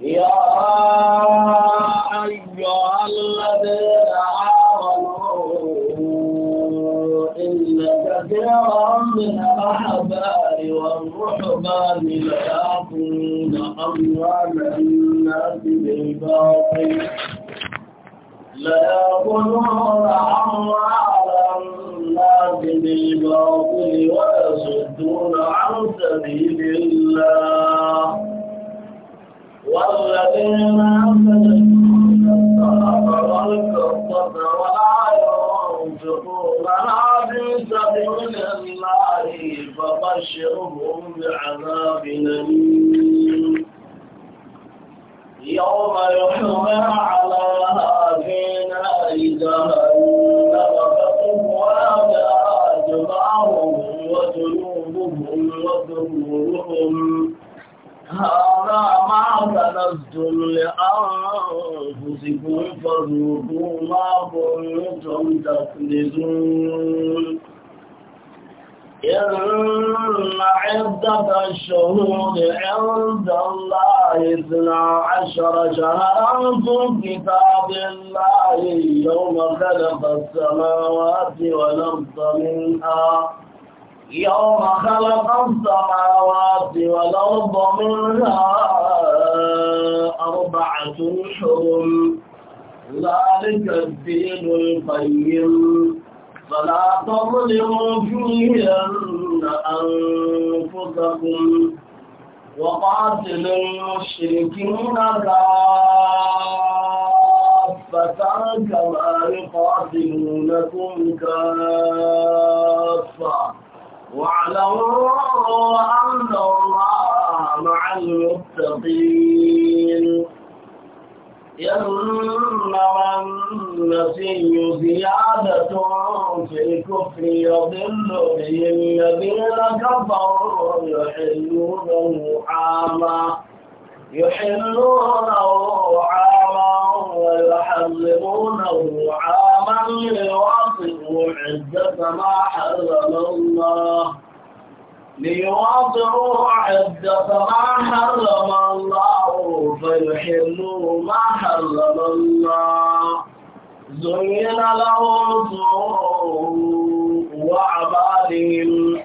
يا أيها الذين آمنوا إن كثيرا الأحبار والرحبان ليأكلون أموال الناس بالباطل ويصدون عن سبيل الله والذين صدقوا والكفر ولا ينفقون في سبيل الله فبشرهم بعذاب أليم يوم يحمى على هذه نار جهنم فتقوى بها جباههم وجنوبهم وظهورهم الأنهار ما كنزتم لأنفسكم فذوقوا ما كنتم تكنزون إن عدة الشهور عند الله اثنا عشر شهرا في كتاب الله يوم خلق السماوات والأرض منها يوم خلق السماوات والأرض منها أربعة حرم ذلك الدين القيم فلا تظلموا فيهن أنفسكم وقاتلوا المشركين كافة كما يقاتلونكم كافة واعلموا أن الله مع المتقين إنما النسي زيادة في الكفر يضل به الذين كفروا يحلونه عاما يحلونه عاما ويحرمونه عاما ليواطئوا عدة ما حرم الله ليواطئوا عدة ما حرم الله فيحلوا ما حرم الله زين لهم سوء وعبادهم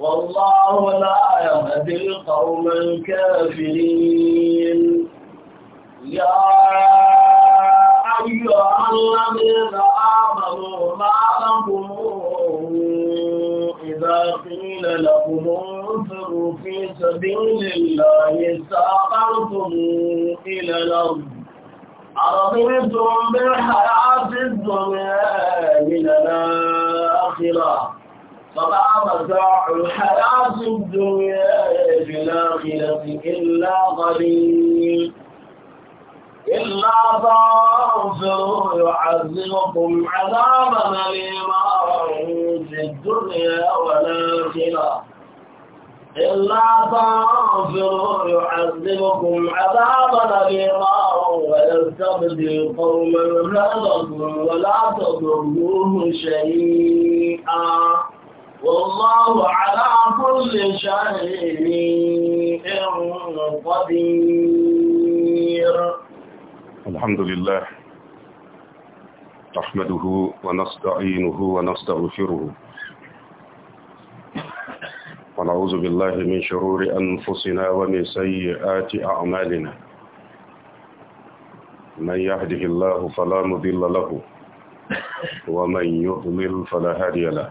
والله لا يهدي القوم الكافرين يا أيها الذين آمنوا ما لكم إذا قيل لكم انفروا في سبيل الله ساقرتم إلى الأرض أرضيتم بالحياة الدنيا إلى الآخرة فما متاع الحياة الدنيا في الآخرة إلا قليل إلا تنفروا يعذبكم عذابا أليما في الدنيا والآخرة إلا تنفروا يعذبكم عذابا أليما ويستبدل قوما غيركم ولا تضروه شيئا والله على كل شيء قدير الحمد لله نحمده ونستعينه ونستغفره ونعوذ بالله من شرور أنفسنا ومن سيئات أعمالنا من يهده الله فلا مضل له ومن يضلل فلا هادي له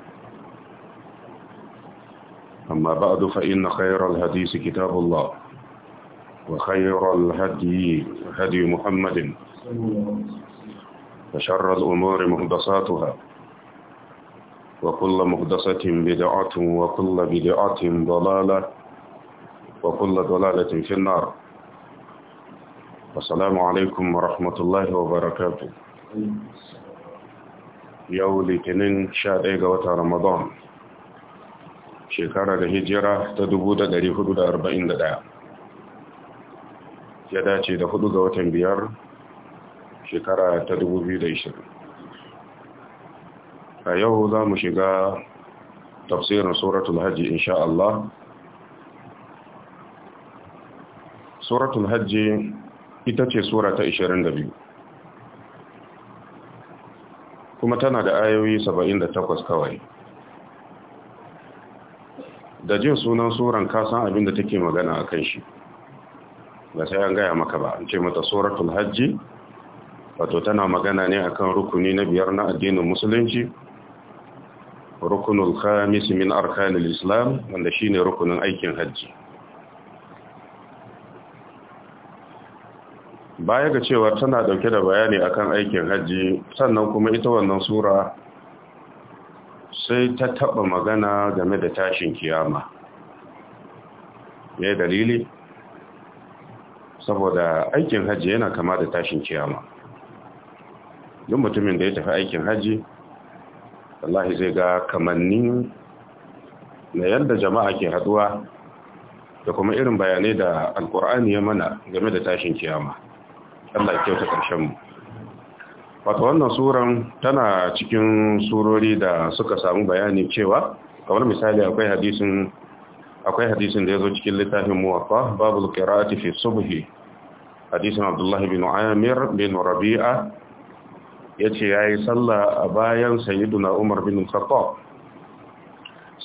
أما بعد فإن خير الحديث كتاب الله وخير الهدي هدي محمد وشر الأمور مهدساتها وكل مهدسة بدعة وكل بدعة ضلالة وكل ضلالة في النار السلام عليكم ورحمة الله وبركاته يوم الاثنين شهر 1 رمضان shekara da hijira ta 1441 ya dace da hudu ga watan biyar shekara ta 2020 a yau za mu shiga tafsirin suratul hajji insha Allah suratul hajji ita ce sura ta 22 kuma tana da ayoyi 78 kawai da jin sunan suran kasan abin da take magana a kan shi ba sai an gaya maka ba an ce mata suratul hajji wato tana magana ne akan rukuni na biyar na addinin musulunci rukunul khamis min arkanil islam wanda shine rukunin aikin hajji baya ga cewa tana dauke da bayani akan aikin hajji sannan kuma ita wannan sura sai ta taba magana game da tashin kiyama ne dalili saboda aikin hajji yana kama da tashin kiyama duk mutumin da ya tafi aikin hajji wallahi zai ga kamannin na yadda jama'a ke haduwa da kuma irin bayanai da alkur'ani ya mana game da tashin kiyama Allah ya kyauta ƙarshen mu wato wannan suran tana cikin surori da suka samu bayani cewa kamar misali akwai hadisin akwai hadisin da ya zo cikin littafin muwaffa Babu qira'ati fi subhi hadisin abdullahi bin amir bin rabi'a yace yayi sallah a bayan sayyiduna umar bin khattab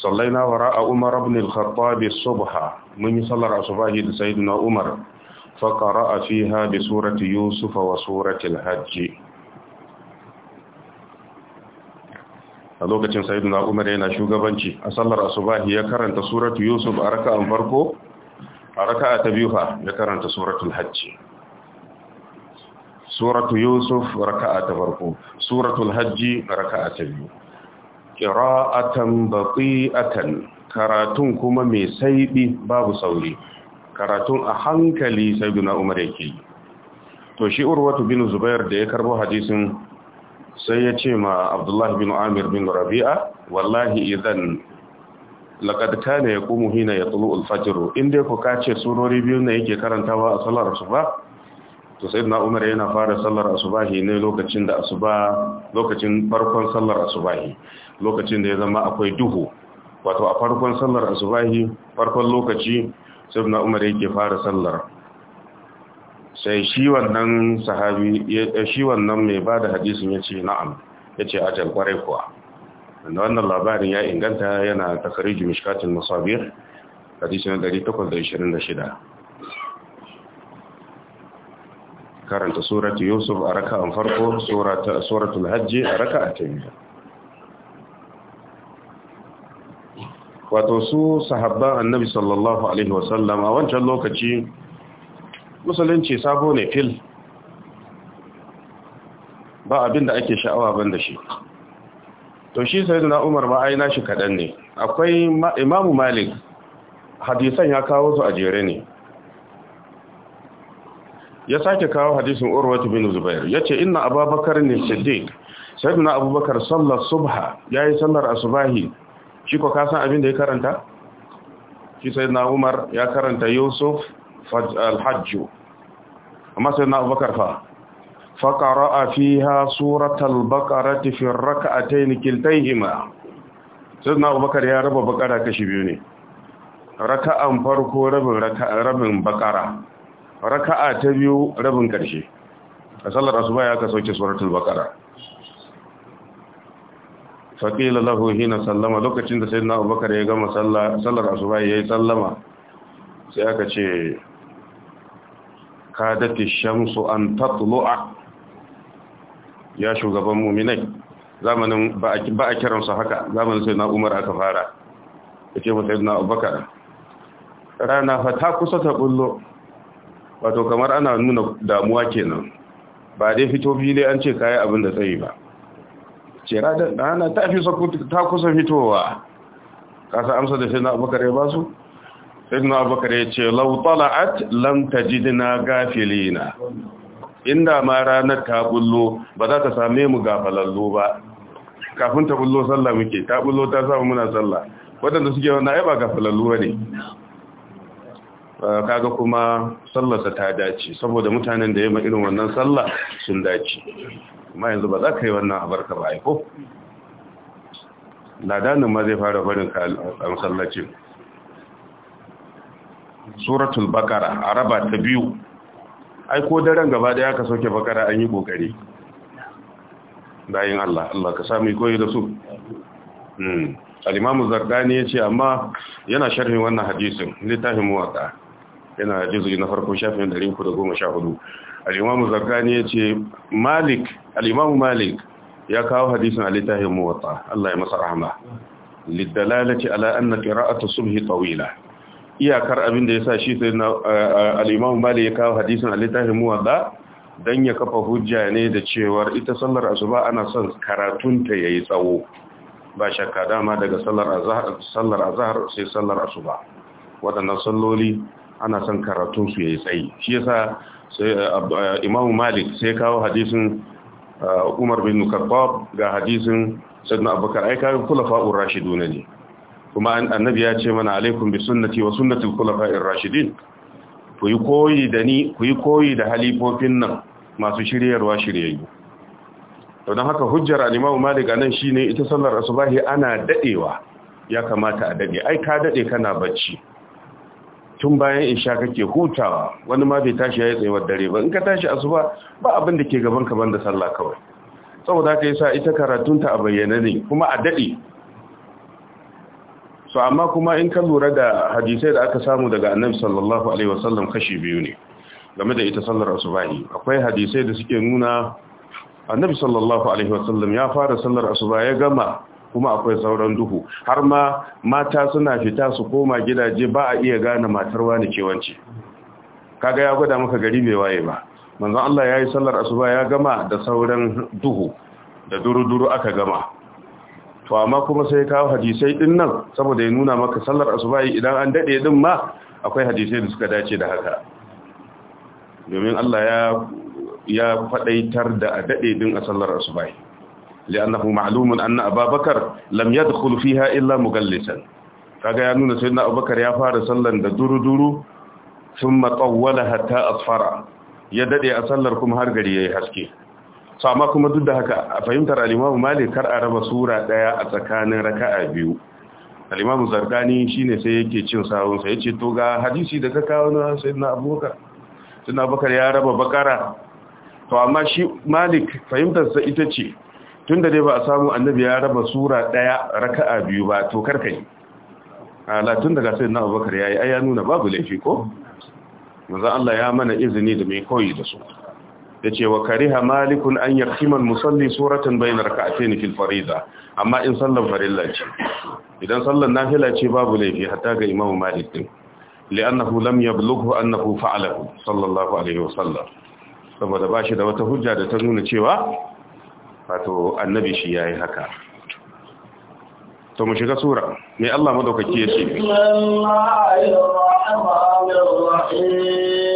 sallaina wara'a umar ibn al-khattab subha mun yi sallar asubahi da sayyiduna umar fa qara'a fiha bi surati yusuf wa surati al-hajj a lokacin na umar yana shugabanci a sallar asubahi ya karanta suratu yusuf a raka'an farko a raka'a ta biyu fa ya karanta suratul hajj suratu yusuf raka'a ta farko suratul hajj raka'a ta biyu qira'atan baqi'atan karatun kuma mai saibi babu sauri karatun a hankali na umar yake to shi urwatu bin zubair da ya karbo hadisin sai ya ce ma abdullahi bin amir bin rabi'a wallahi idan laqad kana yaqumu hina yatlu al-fajr inda ku kace surori biyu ne yake karantawa a sallar asuba to na umar yana fara sallar asubahi ne lokacin da asuba lokacin farkon sallar asubahi lokacin da ya zama akwai duhu wato a farkon sallar asubahi farkon lokaci sai na umar yake fara sallar sai shi wannan sahabi eh, shi wannan mai ba da hadisin ya ce na'am ya ce ajal kwarai kuwa wanda wannan labarin ya inganta yana takariji mishkatin musabir hadisin 826 karanta suratu yusuf a raka an farko suratul hajji a raka a biyu wato su sahabban annabi sallallahu alaihi wasallam a wancan lokaci musulunci sabo ne fil ba abin da ake sha'awa ban da shi to shi sai da umar ba aina shi kaɗan ne akwai imamu malik hadisan ya kawo su a jere ne ya sake kawo hadisin urwatu bin zubair ya ce ina ababakar ne siddiq sai da abubakar sallar subha ya yi sallar asubahi shi ko kasan abin da ya karanta shi sai na umar ya karanta yusuf alhajju amma sai na abubakar fa faƙara'a fi ha suratul baƙara tafin raka a ta yi kiltaihima sai na abubakar ya raba baƙara kashi biyu ne raka'an farko rabin baƙara raka'a ta biyu rabin ƙarshe a sallar asuba ya ka sauke suratul baƙara faƙila lahu hina sallama lokacin da sai na abubakar ya gama sallar asuba ya yi sallama sai aka ce kadati shamsu an tatlu'a ya shugaban mu'minai zamanin ba a kiransu haka zamanin sai na umar aka fara ke mutane na abubakar rana fa ta kusa ta bullo wato kamar ana nuna damuwa kenan ba dai fito fili an ce kayi abin da tsaye ba ce rana ta fi ta kusa fitowa kasa amsa da sai na abubakar ya basu sayyidina abubakar ya ce law tala'at lam tajidna gafilina inda ma ranar ta bullo ba za ta same mu gafalallo ba kafin ta bullo sallah muke ta bullo ta samu muna sallah waɗanda suke wannan ai ba gafalallo ba ne kaga kuma sallarsa ta dace saboda mutanen da ya ma irin wannan sallah sun dace kuma yanzu ba za ka yi wannan abarka ba aiko ladanin ma zai fara barin masallacin suratul bakara a raba ta biyu ai ko daren gaba da ya ka sauke bakara an yi kokari bayan Allah Allah ka sami koyi da su hmm. al-imamu zardani ya ce amma yana sharhin wannan hadisin littafin muwaka yana hadisi na farko shafin 314 al-imamu zardani ya ce malik al-imamu malik ya kawo hadisin a littafin muwaka Allah ya masa rahama liddalalati ala anna qira'atu subhi tawila iyakar abin da ya sa shi sai al'imamu mali ya kawo hadisin alitahin muwadda don ya kafa hujja ne da cewar ita sallar asuba ana son karatunta ya yi tsawo ba shakka dama daga sallar azahar sai sallar asuba waɗannan salloli ana son karatunsu ya yi tsayi shi ya sa imamu malik sai kawo hadisin umar bin nukarfa ga hadisin sadna abubakar ai kayan kula fa'ur rashiduna ne kuma annabi ya ce mana alaikum bi sunnati wa al khulafa'ir rashidin ku yi koyi da ni ku yi koyi da halifofin nan masu shiryarwa shiryayyu to dan haka hujjar al-Imam Malik anan shine ita sallar asubahi ana dadewa ya kamata a dade ai ka dade kana bacci tun bayan isha kake hutawa wani ma bai tashi ya yi tsayuwar dare ba in ka tashi asuba ba abin da ke gaban ka banda sallah kawai saboda haka sa ita karatunta a bayyana ne kuma a dade to amma kuma in ka lura da hadisai da aka samu daga annabi sallallahu alaihi wasallam kashi biyu ne game da ita sallar asubahi akwai hadisai da suke nuna annabi sallallahu alaihi wasallam ya fara sallar asuba ya gama kuma akwai sauran duhu har ma mata suna fita su koma gidaje ba a iya gane matar wani wance kaga ya gwada maka gari bai waye ba manzon Allah yayi sallar asuba ya gama da sauran duhu da duru-duru aka gama to amma kuma sai kawo hadisai din nan saboda ya nuna maka sallar asubahi idan an dade din ma akwai hadisai da suka dace da haka domin Allah ya ya fadaitar da a dade din a sallar asubahi li'annahu ma'lumun anna ababakar lam yadkhul fiha illa mughallisan kaga ya nuna sayyidina abubakar ya fara sallan da duru-duru thumma tawwala hatta asfara ya dade a sallar kuma har gari yayi haske so amma kuma duk da haka a fahimtar alimamu Malik kar a raba sura daya a tsakanin raka'a biyu alimamu zargani shine sai yake cin sawun sai yace to ga hadisi da ka kawo na Sayyidina Abubakar Sayyidina Abubakar ya raba bakara to amma shi Malik fahimtar sa ita ce tunda dai ba a samu annabi ya raba sura daya raka'a biyu ba to karkai ala tun daga Sayyidina Abubakar yayi ai ya nuna babu laifi ko manzo Allah ya mana izini da mai koyi da su yace wa kariha malikun an kiman musalli suratan bayna rak'atayn fil fariida amma in sallan farilla ce idan sallan nafila ce babu laifi hatta ga imamu malik din li'annahu lam yablughu annahu fa'alahu sallallahu alaihi sallam. saboda bashi da wata hujja da ta nuna cewa wato annabi shi yayi haka to mu shiga sura mai Allah madaukaki yace Allahu rahmanir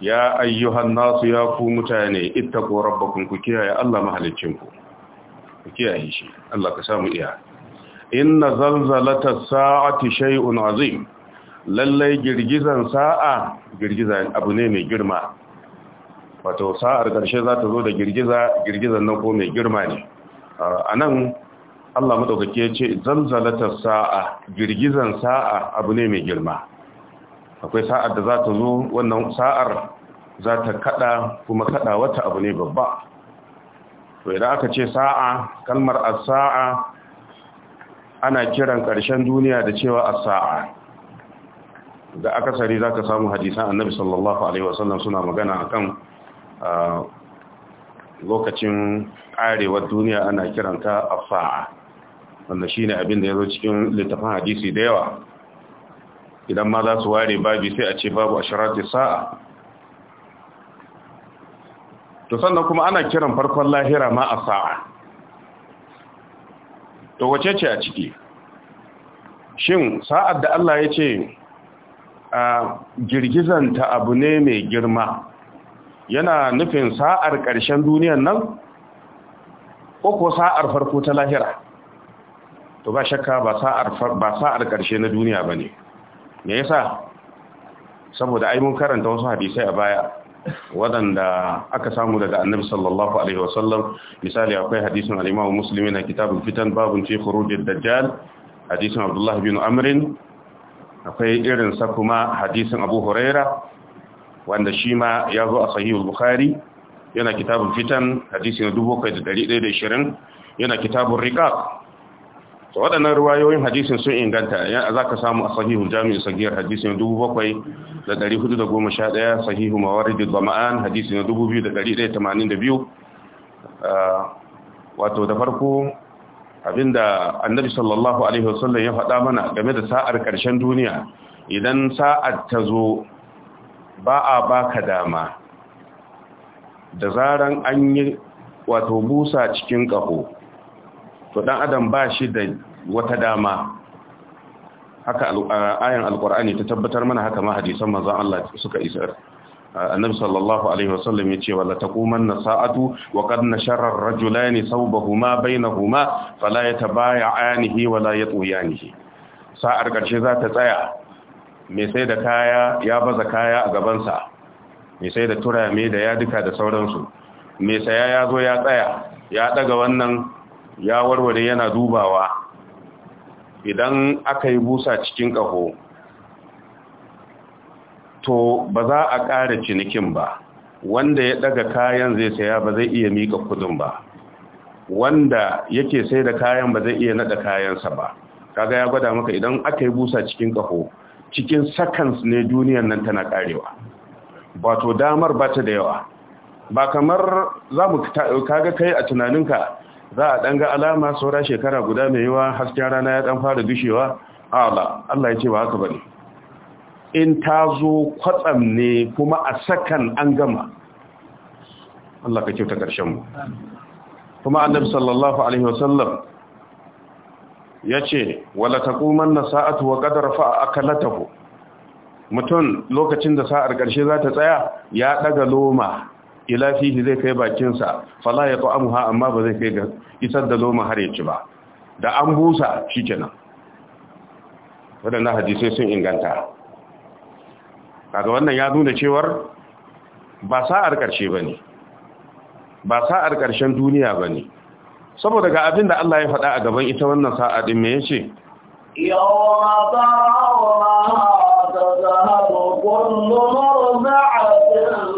ya ayyuhan nasu ya ku mutane ita ko rabbakun ku kiyaye Allah mahalicinku ku kiyaye shi Allah ka samu iya inna zalzalata sa'ati shay'un azim lallai girgizan sa'a girgiza abu ne mai girma wato sa'ar karshe za ta zo da girgiza girgizan nan ko mai girma ne anan Allah madaukake ya ce zalzalata sa'a girgizan sa'a abu ne mai girma akwai sa'ar da za ta zo wannan sa'ar za ta kada kuma kada wata abu ne babba to idan aka ce sa'a kalmar as-sa'a ana kiran karshen duniya da cewa as-sa'a da akasari za ka samu hadisan annabi sallallahu alaihi wasallam suna magana akan lokacin karewar duniya ana kiranta as-sa'a wannan shine abin da yazo cikin littafin hadisi da yawa idan ma za su ware babi sai a ce babu ashirati sa'a to sannan kuma ana kiran farkon lahira ma a sa'a to wace ce a ciki shin sa'ad da Allah ya ce a ta abu ne mai girma yana nufin sa'ar ƙarshen duniyan nan ko ko sa'ar farko ta lahira to ba shakka ba sa'ar ƙarshe na duniya ba ne me yasa saboda ai mun karanta wasu hadisai a baya waɗanda aka samu daga annabi sallallahu alaihi wasallam misali akwai hadisin al musulmi Muslim na kitabul fitan babun fi khurujid dajjal hadisin Abdullah bin Amr akwai irin sa kuma hadisin Abu Huraira wanda shi ma ya zo a sahihul Bukhari yana kitabul fitan hadisi da 7120 yana kitabul riqaq to waɗannan ruwayoyin hadisin sun inganta za ka samu a sahihu jami'in sagiyar hadisin 7411 sahihu mawaridul zama'an hadisin 2182 wato da farko abinda annabi sallallahu alaihi wasallam ya faɗa mana game da sa'ar ƙarshen duniya idan sa'ar ta zo ba a baka dama da zaran an yi wato busa cikin ƙaho to dan adam ba shi da wata dama haka ayan alkur'ani ta tabbatar mana haka ma hadisan manzon Allah suka isar annabi sallallahu alaihi wasallam yace wala taqumanna sa'atu wa qad nashara ar-rajulani thawbahuma bainahuma fala yatabaya'anihi wala yatuyanihi sa'ar karshe za ta tsaya mai sai da kaya ya baza kaya a gabansa mai sai da turame da yaduka da sauransu mai saya ya zo ya tsaya ya daga wannan ya warware yana dubawa idan aka yi busa cikin ƙaho to ba za a ƙara cinikin ba wanda ya ɗaga kayan zai saya ba zai iya miƙa kudin ba wanda yake sai da kayan ba zai iya naɗa kayansa ba kaga ya gwada maka idan aka yi busa cikin ƙaho cikin sakans ne duniyan nan tana ƙarewa ba to damar ba ta da yawa ba kamar za mu kaga kai a tunaninka za a ɗanga alama saura shekara guda mai yiwa hasken rana ya ɗan fara dushewa ala Allah ya ce ba haka ba ne in ta zo kwatsam ne kuma a sakan an gama Allah ka kyauta ƙarshenmu kuma annabi sallallahu alaihi wasallam ya ce wala taquman Sa'atu wa fa'a rafa'a akalatahu mutum lokacin da sa'ar ƙarshe za ta tsaya ya ɗaga loma ila fihi zai kai bakinsa fala ya ta'amuha amma ba zai kai ga isar da loma har ya ci ba da an busa shikenan wadannan hadisai sun inganta kaga wannan ya nuna cewar ba sa'ar karshe bane ba sa'ar karshen duniya bane saboda ga abin da Allah ya faɗa a gaban ita wannan sa'a din me yace yawma ta'awma tadhhabu kullu murda'atin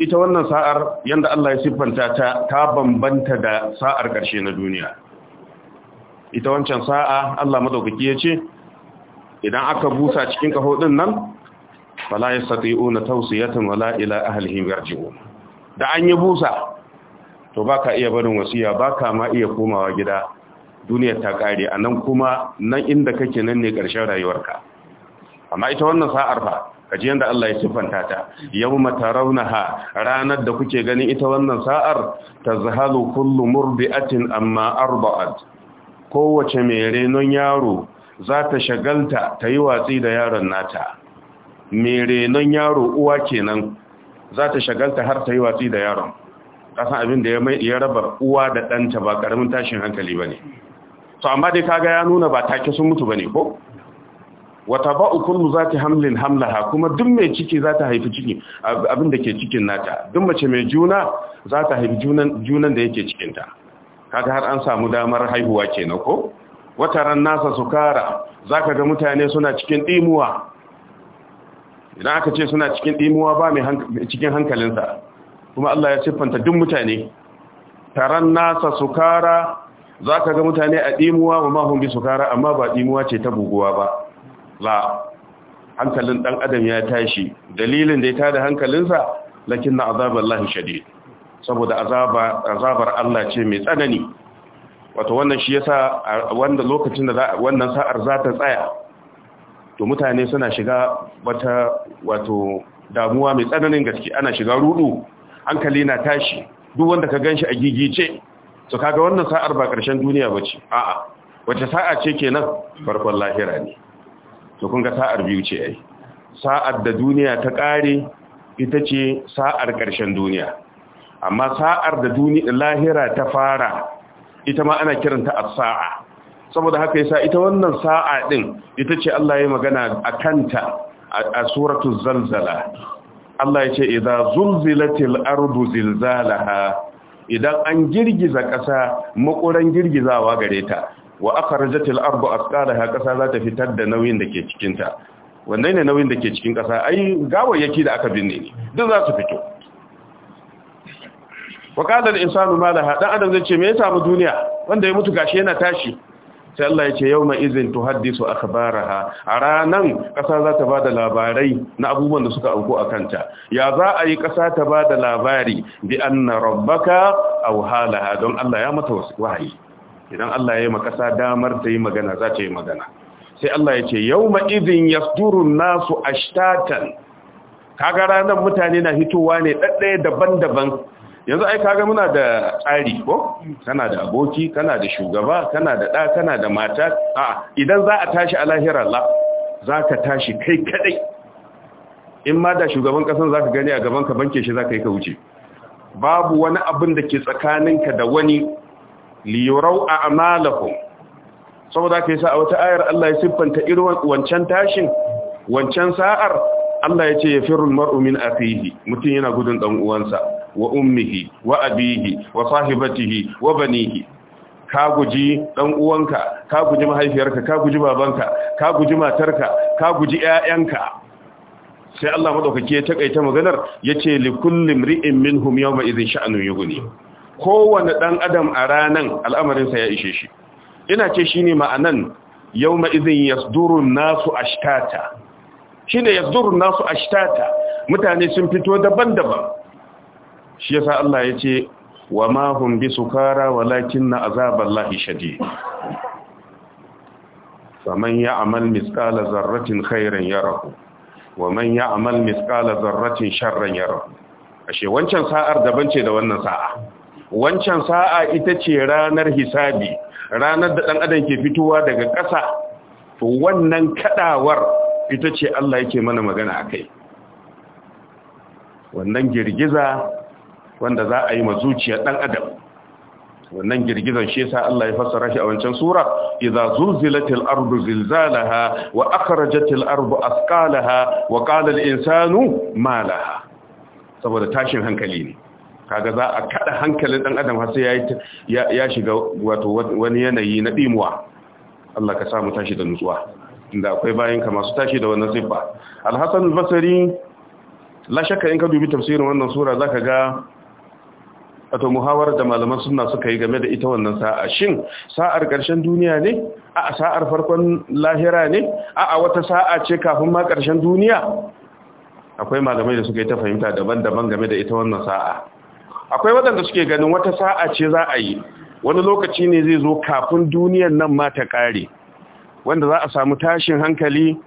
ita wannan sa'ar yanda Allah ya siffanta ta ta bambanta da sa'ar ƙarshe na duniya ita wancan sa'a Allah madaukaki ya ce idan aka busa cikin kaho ɗin nan fala yastati'una tawsiyatan wala ila ahlihim yarji'un da an yi busa to baka iya barin wasiya baka ma iya komawa gida duniyar ta kare nan kuma nan inda kake nan ne ƙarshen rayuwarka amma ita wannan sa'ar fa kaji da Allah ya siffanta ta yawma tarawnaha ranar da kuke ganin ita wannan sa'ar tazhalu kullu murdi'atin amma arba'at kowace mai renon yaro za ta shagalta ta yi watsi da yaron nata mai renon yaro uwa kenan za ta shagalta har ta yi watsi da yaron kasan abin da ya raba uwa da ɗanta ba ƙaramin tashin hankali ba ne so amma dai kaga ya nuna ba take sun mutu ba ne ko wata ba'ukunmu za ta hamlin hamlaha kuma duk mai ciki za ta haifi ciki abin da ke cikin nata duk mace mai juna za ta haifi junan da yake cikinta kaga har an samu damar haihuwa kenan ko wata ran nasa sukara za ka ga mutane suna cikin ɗimuwa idan aka ce suna cikin ɗimuwa ba mai cikin hankalinsa kuma Allah ya siffanta duk mutane taran nasa sukara za ka ga mutane a ɗimuwa ma mahun bi sukara amma ba ɗimuwa ce ta buguwa ba la hankalin dan adam ya tashi dalilin da ya tada hankalinsa lakin na azaballahi shadid saboda azabar Allah ce mai tsanani wato wannan shi yasa wanda lokacin da wannan sa'ar za ta tsaya to mutane suna shiga wata wato damuwa mai tsananin gaske ana shiga rudu hankali na tashi duk wanda ka ganshi a gigice to kaga wannan sa'ar ba ƙarshen duniya bace a'a wace sa'a ce kenan farkon lahira ne to kun ga sa'ar biyu ce ai sa'ar da duniya ta kare ita ce sa'ar ƙarshen duniya amma sa'ar da duniya lahira ta fara ita ma ana kiranta as-sa'a saboda haka yasa ita wannan sa'a din ita ce Allah ya magana a kanta a suratul zalzala Allah ya ce idza zulzilatil ardu zilzalaha idan an girgiza ƙasa makuran girgizawa gareta. wa akhrajat a ardu athqalaha kasa za ta fitar da nauyin da ke cikin ta wanne ne nauyin da ke cikin ƙasa? ai gawayyaki da aka binne ne duk za su fito wa qala al-insanu ma laha dan adam zai ce me ya samu duniya wanda ya mutu gashi yana tashi sai Allah ya ce yawma izin tuhaddisu akhbaraha a ranan kasa za ta bada labarai na abubuwan da suka auku a kanta ya za a yi kasa ta bada labari bi anna rabbaka aw halaha don Allah ya mata wahayi idan Allah ya yi makasa damar ta yi magana za ta yi magana sai Allah ya ce yau ma'izin ya turun nasu ashtatan kaga ranar mutane na hitowa ne ɗaɗɗaya daban-daban yanzu ai kaga muna da tsari ko kana da aboki kana da shugaba kana da ɗa kana da mata a idan za a tashi a lahira la za ka tashi kai kaɗai in ma da shugaban ƙasan za ka gani a gaban ka banke shi za ka yi ka wuce babu wani abin da ke tsakaninka da wani liyurau a amalahum saboda ka sa a wata ayar Allah ya siffanta irin wancan tashin wancan sa'ar Allah ya ce ya firul mar'u min afihi mutum yana gudun dan uwansa wa ummihi wa abihi wa sahibatihi wa banihi ka guji ɗan uwanka ka guji mahaifiyarka ka guji babanka ka guji matarka ka guji 'ya'yanka. sai Allah madaukake ya takaita maganar yace li min riin minhum yawma idhin sha'nu yughni kowane ɗan adam a ranan al'amarinsa ya ishe shi ina ce shi ne ma'anan yau ma'izin yasdurun nasu a shtata shi ne yasdurun nasu a shtata mutane sun fito daban-daban shi yasa Allah ya ce wa mahun bi wa walakin na azabar lahi shadi faman ya amal miskala zarratin khairan ya rahu wa man ya amal miskala zarratin sharran ya rahu ashe wancan sa'ar daban ce da wannan sa'a wancan sa'a ita ce ranar hisabi ranar da ɗan adam ke fitowa daga ƙasa to wannan kaɗawar ita ce Allah yake mana magana a kai wannan girgiza wanda za a yi mazuciyar ɗan adam wannan girgizan shi sa Allah ya fassara shi a wancan sura idza zulzilatil ardu zilzalaha wa akhrajatil ardu asqalaha wa qala al insanu ma laha saboda tashin hankali ne kaga za a kada hankalin dan adam har sai ya shiga wato wani yanayi na dimuwa Allah ka samu tashi da nutsuwa inda akwai bayan ka masu tashi da wannan sifa al-hasan al-basri la shakka in ka dubi tafsirin wannan sura zaka ga wato muhawara da malaman sunna suka yi game da ita wannan sa'a shin sa'ar ƙarshen duniya ne a sa'ar farkon lahira ne a wata sa'a ce kafin ma ƙarshen duniya akwai malamai da suka yi ta fahimta daban-daban game da ita wannan sa'a akwai waɗanda suke ganin wata sa'a ce za a yi wani lokaci ne zai zo kafin duniyar nan ma ta ƙare wanda za a samu tashin hankali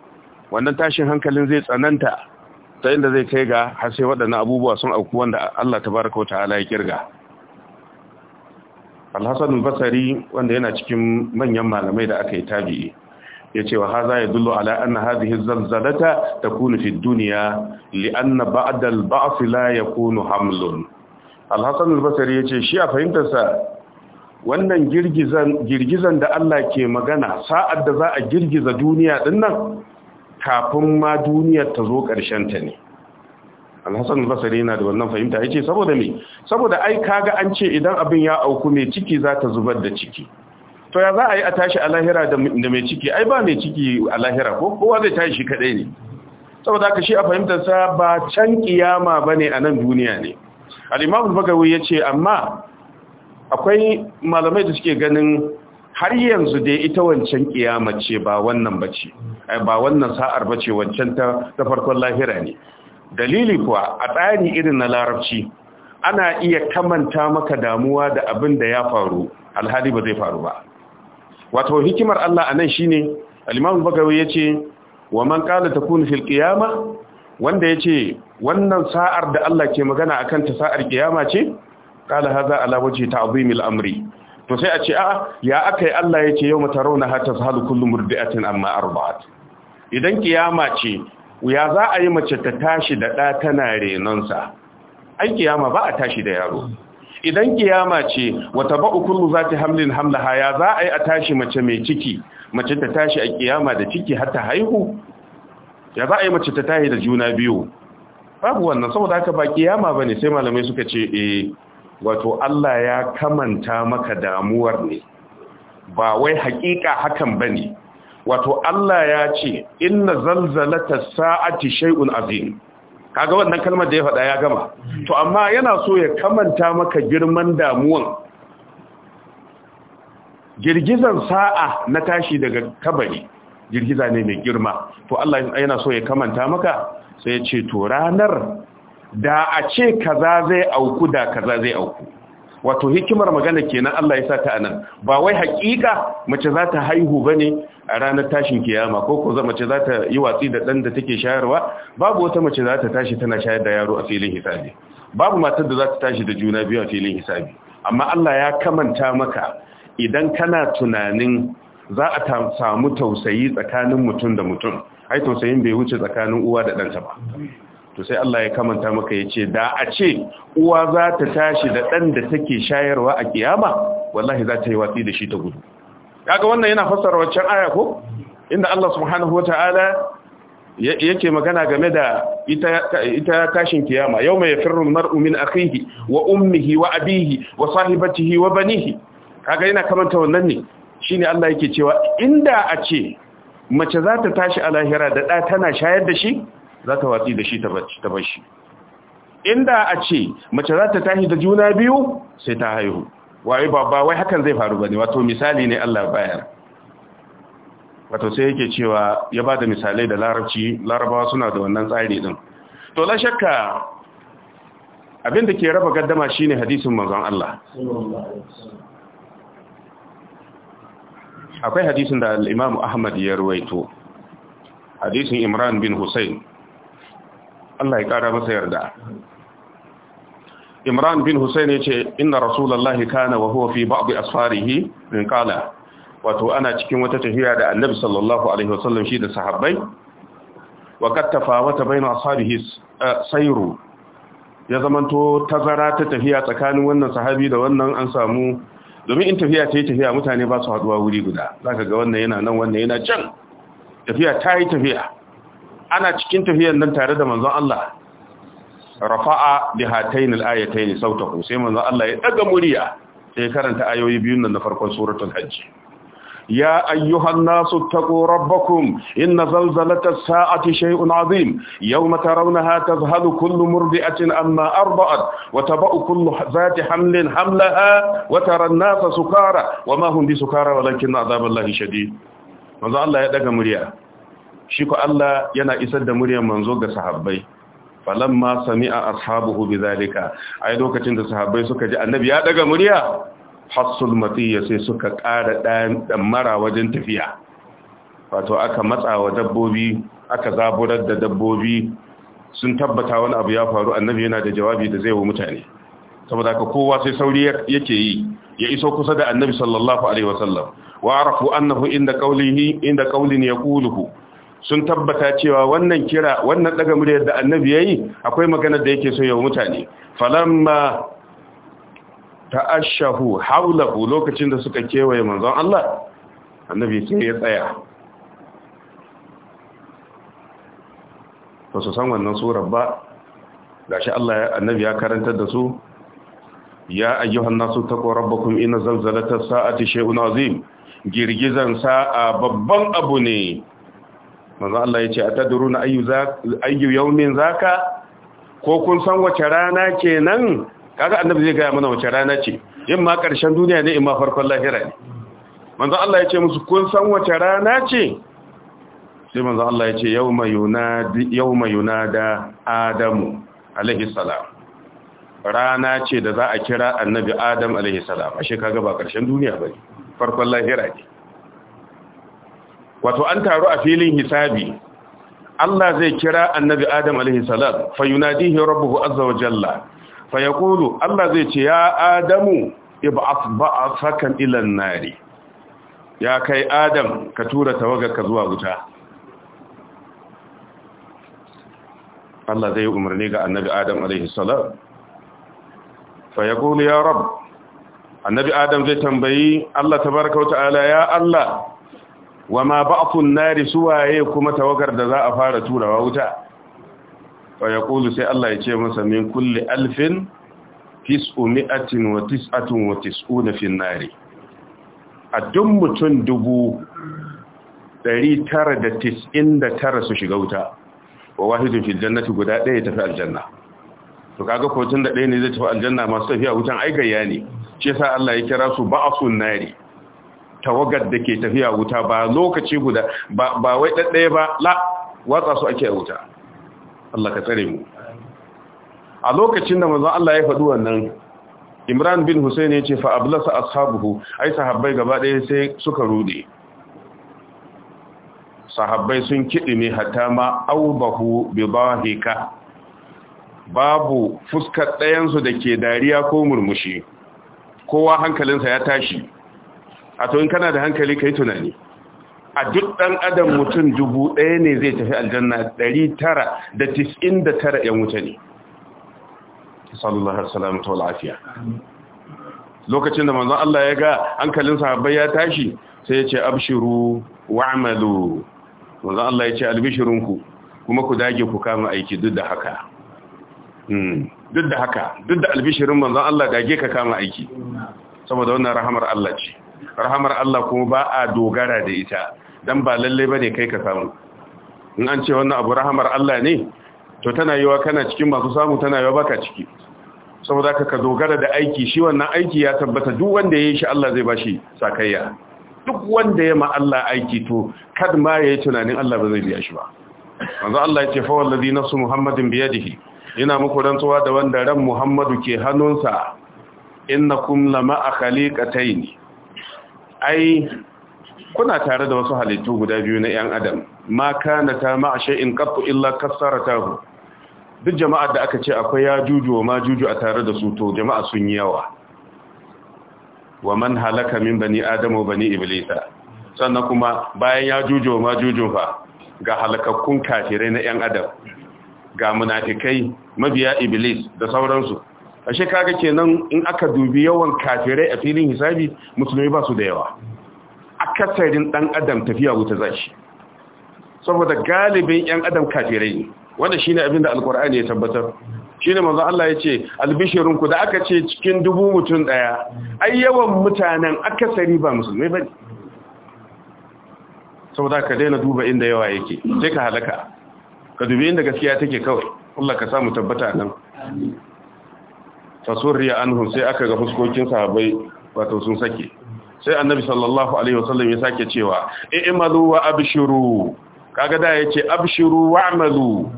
wannan tashin hankalin zai tsananta ta inda zai kai ga har sai waɗannan abubuwa sun auku wanda Allah tabaraka wata'ala ya kirga Al-Hasan al-Basri wanda yana cikin manyan malamai da aka yi tabi'i ya ce wa haza ya ala anna hadhihi ta kunu fi duniya li na ba'da al-ba'th kunu hamlun alhassan albasari ya ce shi a fahimtarsa wannan girgizan da Allah ke magana sa'ad da za a girgiza duniya dinnan kafin ma duniya ta zo ta ne alhassan albasari yana da wannan fahimta ya ce saboda me saboda ai kaga an ce idan abin ya auku mai ciki za ta zubar da ciki to ya za a yi a tashi a lahira da mai ciki ai ba mai ciki a lahira ko kowa zai tashi kadai kaɗai ne saboda ka shi a fahimtarsa ba can kiyama ba ne a nan duniya ne Alimamu bagawi ya ce, amma akwai malamai da suke ganin har yanzu dai ita wancan kiyama ce ba wannan bace eh, ba wannan sa'ar bace wancan ta farkon lahira ne dalili kuwa a tsari irin na larabci ana iya kamanta maka damuwa da abin da ya faru alhali ba zai faru ba wato hikimar Allah a anan shine al-imam bagawi ce, wa man qala takunu fil qiyama wanda ce. wannan sa'ar da Allah ke magana akan ta sa'ar ƙiyama ce qala hadha ala ta ta'zim al-amri to sai a ce a'a ya aka yi Allah yake yawma tarawna hatta sahalu kullu murdi'atin amma arba'at idan ƙiyama ce ya za a yi mace ta tashi da ɗa tana renonsa ai ƙiyama ba a tashi da yaro idan ƙiyama ce wata ba ba'u kullu zati hamlin hamlaha ya za a yi a tashi mace mai ciki mace ta tashi a ƙiyama da ciki hata haihu ya za a yi mace ta tahi da juna biyu babu wannan saboda haka ba kiyama bane sai malamai suka ce eh wato Allah ya kamanta maka damuwar ne ba wai haƙiƙa hakan bane wato Allah ya ce inna zalzalata sa'ati shay'un azim kaga wannan kalmar da ya faɗa ya gama to amma yana so ya kamanta maka girman damuwan girgizan sa'a na tashi daga kabari girgiza ne mai girma to Allah yana so ya kamanta maka sai ce to ranar da a ce kaza zai auku da kaza zai auku wato hikimar magana kenan Allah ya sa ta anan ba wai haƙiƙa mace za ta haihu bane a ranar tashin kiyama ko ko mace za ta yi watsi da dan da take shayarwa babu wata mace za ta tashi tana shayar da yaro a filin hisabi babu matar da za ta tashi da juna biyu a filin hisabi amma Allah ya kamanta maka idan kana tunanin za a samu tausayi tsakanin mutum da mutum ai tausayin bai wuce tsakanin uwa da ɗanta ba to sai Allah ya kamanta maka ya ce da a ce uwa za ta tashi da ɗan da take shayarwa a kiyama wallahi za ta yi watsi da shi ta gudu kaga wannan yana fassara waccan aya ko inda Allah subhanahu wataala yake magana game da ita tashin kiyama yau mai firru mar'u min akhihi wa ummihi wa abihi wa sahibatihi wa banihi kaga yana kamanta wannan ne shine Allah yake cewa inda a ce mace za ta tashi a lahira da ɗa tana shayar da shi za ta watsi da shi ta bar shi inda a ce mace za ta tashi da juna biyu sai ta haihu waye babba wai hakan zai faru bane wato misali ne Allah bayar wato sai yake cewa ya bada misalai da larabci larabawa suna da wannan tsari din to la shakka abinda ke raba gaddama shine hadisin manzon Allah akwai hadisin da al Ahmad ya ruwaito hadisin Imran bin Hussein Allah ya ƙara masa yarda Imran bin Hussein ya yace inna Rasulullahi kana wa huwa fi ba'd asfarihi bin qala wato ana cikin wata tafiya da Annabi sallallahu alaihi wasallam shi da sahabbai wa kad tafawata baina ashabihi sayru ya zamanto tazara ta tafiya tsakanin wannan sahabi da wannan an samu domin in tafiya ta yi tafiya mutane ba su haduwa wuri guda za ka ga wannan yana nan wannan yana can tafiya ta yi tafiya ana cikin tafiyar nan tare da manzon Allah rafa'a bi hatayn al-ayatayn sautahu sai manzon Allah ya daga murya sai karanta ayoyi biyun nan na farkon suratul hajj يا أيها الناس اتقوا ربكم إن زلزلة الساعة شيء عظيم يوم ترونها تذهل كل مرضئة أما أرضأت وتبأ كل ذات حمل حملها وترى الناس سكارى وما هم بسكارى ولكن عذاب الله شديد manzo Allah ya daga murya Shiku Allah yana isar da muryar manzo ga sahabbai falamma a ashabu bidhalika ai lokacin da sahabbai suka ji annabi ya ɗaga murya hassul matiyya sai suka ƙara ɗan mara wajen tafiya wato aka matsawa dabbobi aka zaburar da dabbobi sun tabbata wani abu ya faru annabi yana da jawabi da zai wa mutane saboda haka kowa sai sauri yake yi ya iso kusa da annabi sallallahu alaihi wasallam wa arafu annahu inda qawlihi inda qawlin yaquluhu sun tabbata cewa wannan kira wannan daga muryar da annabi yayi akwai maganar da yake so ya mutane falamma Ta ashahu haulahu lokacin da suka kewaye manzon Allah annabi sai ya tsaya ba su san wannan surar ba gashi Allah annabi ya karantar da su ya ayyuhan nasu taqwa rabbakum inna zalzalata sa'ati shay'un azim girgizan sa'a babban abu ne manzo Allah yace atadruna ayyu ayyu yawmin zaka ko kun san wace rana kenan kaga annabi zai gaya mana wace rana ce yin ma ƙarshen duniya ne in ma farkon lahira ne manzo Allah ya ce musu kun san wace rana ce sai manzo Allah ya ce yawma yunadi yawma yunada adamu alaihi salam rana ce da za a kira annabi adam alaihi salam ashe kaga ba ƙarshen duniya bane farkon lahira ne wato an taru a filin hisabi Allah zai kira annabi Adam alaihi salam fa yunadihi rabbuhu azza wa jalla fa Allah zai ce ya adamu ib'ath ba'sakan ila an-nari ya kai adam ka tura tawagarka zuwa wuta Allah zai umarni ga annabi adam alaihi salam fa yaqulu ya rabb annabi adam zai tambayi Allah tabaraka wata'ala ya Allah wa ma ba'thun nari suwaye kuma tawagar da za a fara turawa wuta ya kulu sai Allah ya ce masa min kulli alfin tis'umi'atin wa tis'atun wa tis'una fin nari a duk mutum dubu ɗari tara da inda tara su shiga wuta wa wahidun fil jannati guda ɗaya tafi aljanna to kaga ko tun da ɗaya ne zai tafi aljanna masu tafiya wutan ai gayya ne shi yasa Allah ya kira su ba'asun nari tawagar da ke tafiya wuta ba lokaci guda ba wai ɗaɗɗaya ba la watsa su ake a wuta Allah ka tsare mu a lokacin da manzon Allah ya faɗi wannan Imran bin Hussein ya ce fa ablasa ashabuhu ai sahabbai gaba ɗaya sai suka rude sahabbai sun kidi ne hatta ma aubahu bi bahika babu fuskar ɗayansu da ke dariya ko murmushi kowa hankalinsa ya tashi a to in kana da hankali kai tunani a duk ɗan adam mutum dubu ɗaya ne zai tafi aljanna ɗari tara da tis'in da tara ‘yan wuta ne sallallahu salamata wa lafiya lokacin da manzon Allah ya ga hankalin sahabbai ya tashi sai ya ce abshiru wa'malu manzon Allah ya ce albishirunku kuma ku dage ku kama aiki duk da haka hmm, duk da haka duk da albishirin manzon Allah dage ka kama aiki saboda wannan rahamar Allah ce rahamar Allah kuma ba a dogara da ita dan ba lalle bane kai ka samu in an ce wannan abu rahamar Allah ne to tana yiwa kana cikin masu samu tana yiwa baka ciki saboda ka ka dogara da aiki shi wannan aiki ya tabbata duk wanda ya yi shi Allah zai bashi sakayya duk wanda ya ma Allah aiki to kad ma yayi tunanin Allah ba zai biya shi ba manzo Allah ya ce fa wallazi nafsu muhammadin yadihi ina muku rantsuwa da wanda ran muhammadu ke hannunsa innakum lama akhaliqatayn ai kuna tare da wasu halittu guda biyu na ‘yan adam ma kana ta ma'ashe in kafa illa kasara duk jama'ar da aka ce akwai ya juju ma juju a tare da su to jama'a sun yi yawa wa man halaka min bani adamu bani iblisa sannan kuma bayan ya juju ma juju fa ga halakakkun kafirai na ‘yan adam ga munafikai mabiya iblis da sauransu ashe kaga kenan in aka dubi yawan kafirai a filin hisabi musulmi ba su da yawa akasarin ɗan adam tafiya wuta zashi saboda galibin yan adam kafirai ne wanda ne abin da alkur'ani ya tabbatar shi ne mazan Allah ya yace albishirinku da aka ce cikin dubu mutum ɗaya ai yawan mutanen akasari ba musulmai ne saboda ka daina duba inda yawa yake sai ka halaka ka dubi inda gaskiya take kawai Allah ka samu tabbata nan an hun sai aka ga fuskokin sahabai wato sun sake sai annabi sallallahu alaihi wasallam ya sake cewa i'malu wa abshiru kaga da yace abshiru amalu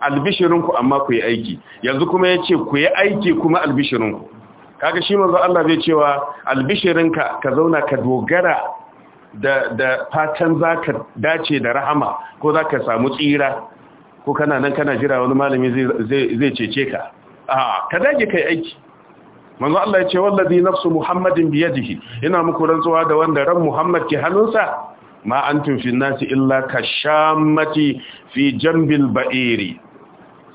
albishirinku amma ku yi aiki yanzu kuma yace ku yi aiki kuma albishirinku kaga shi manzo Allah zai cewa albishirinka ka zauna ka dogara da da fatan zaka dace da rahama ko zaka samu tsira ko kana nan kana jira wani malami zai zai cece ka a ka dage kai aiki manzo Allah ya ce wallazi nafsu muhammadin yadihi ina muku rantsuwa da wanda ran muhammad ke hannunsa ma antum fi nasi illa kashamati fi jambil ba'iri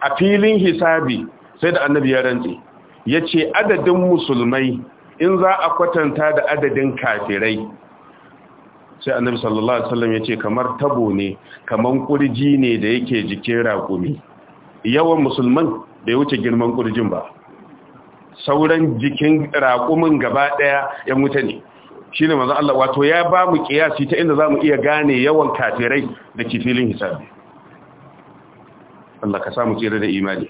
a filin hisabi sai da annabi ya rantsi yace adadin musulmai in za a kwatanta da adadin kafirai sai annabi sallallahu alaihi wasallam yace kamar tabo ne kamar kurji ne da yake jikin raƙumi yawan musulman bai wuce girman kurjin ba sauran jikin raƙumin gaba ɗaya ya wuta ne shi ne mazan Allah wato ya ba mu ƙiyasi ta inda za mu iya gane yawan kafirai da ke filin hisabi Allah ka samu tsere da imani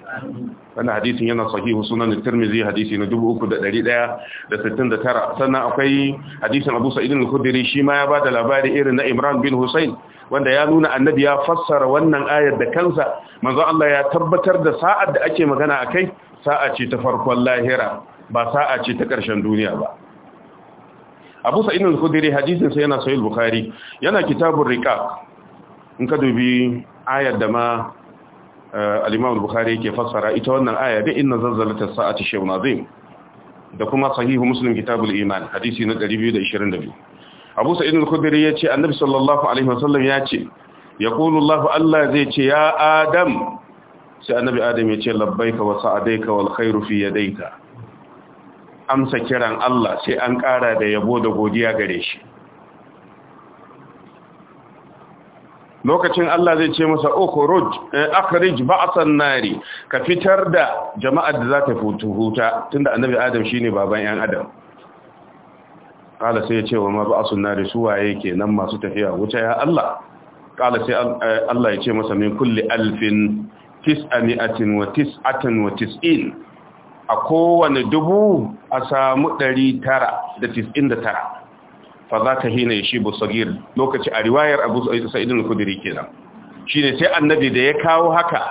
wani hadisin yana sahihu sunan tirmizi hadisi na tara. sannan akwai hadisin abu sa'idin al-khudri shi ma ya da labari irin na imran bin Husain, wanda ya nuna annabi ya fassara wannan ayar da kansa manzo Allah ya tabbatar da sa'ad da ake magana akai sa'a ce ta farkon lahira ba sa'a ce ta ƙarshen duniya ba abu sa'in al-khudri hadisin sa yana sahih bukhari yana kitabun Rikak in ka dubi ayar da ma eh, al-imam al-bukhari yake fassara ita wannan aya da inna zalzalatas sa'ati shay'un azim da kuma sahihu muslim kitabun iman hadisi na 222 abu sa'id al ya ce, annabi sallallahu alaihi wasallam ce yaqulu allah allah zai ce ya adam sai annabi adam ya ce labbaika wa sa'adaika wal khairu fi yadayka amsa kiran Allah sai an ƙara da yabo da godiya gare shi lokacin Allah zai ce masa khuruj eh, akhrij ba'san nari ka fitar da jama'ar da za ta futu huta tunda annabi adam shine baban yan adam kala sai ya ce wa ma ba'sun nari su waye kenan masu tafiya wuta ya Allah kala sai eh, Allah ya ce masa min kulli alfin tis'ami'atin wa tis'atan wa tis'in a kowane dubu a samu ɗari tara da in da tara fa za ta hina ya shi sagir lokaci a riwayar abu sa'idun kudiri kenan shi ne sai annabi da ya kawo haka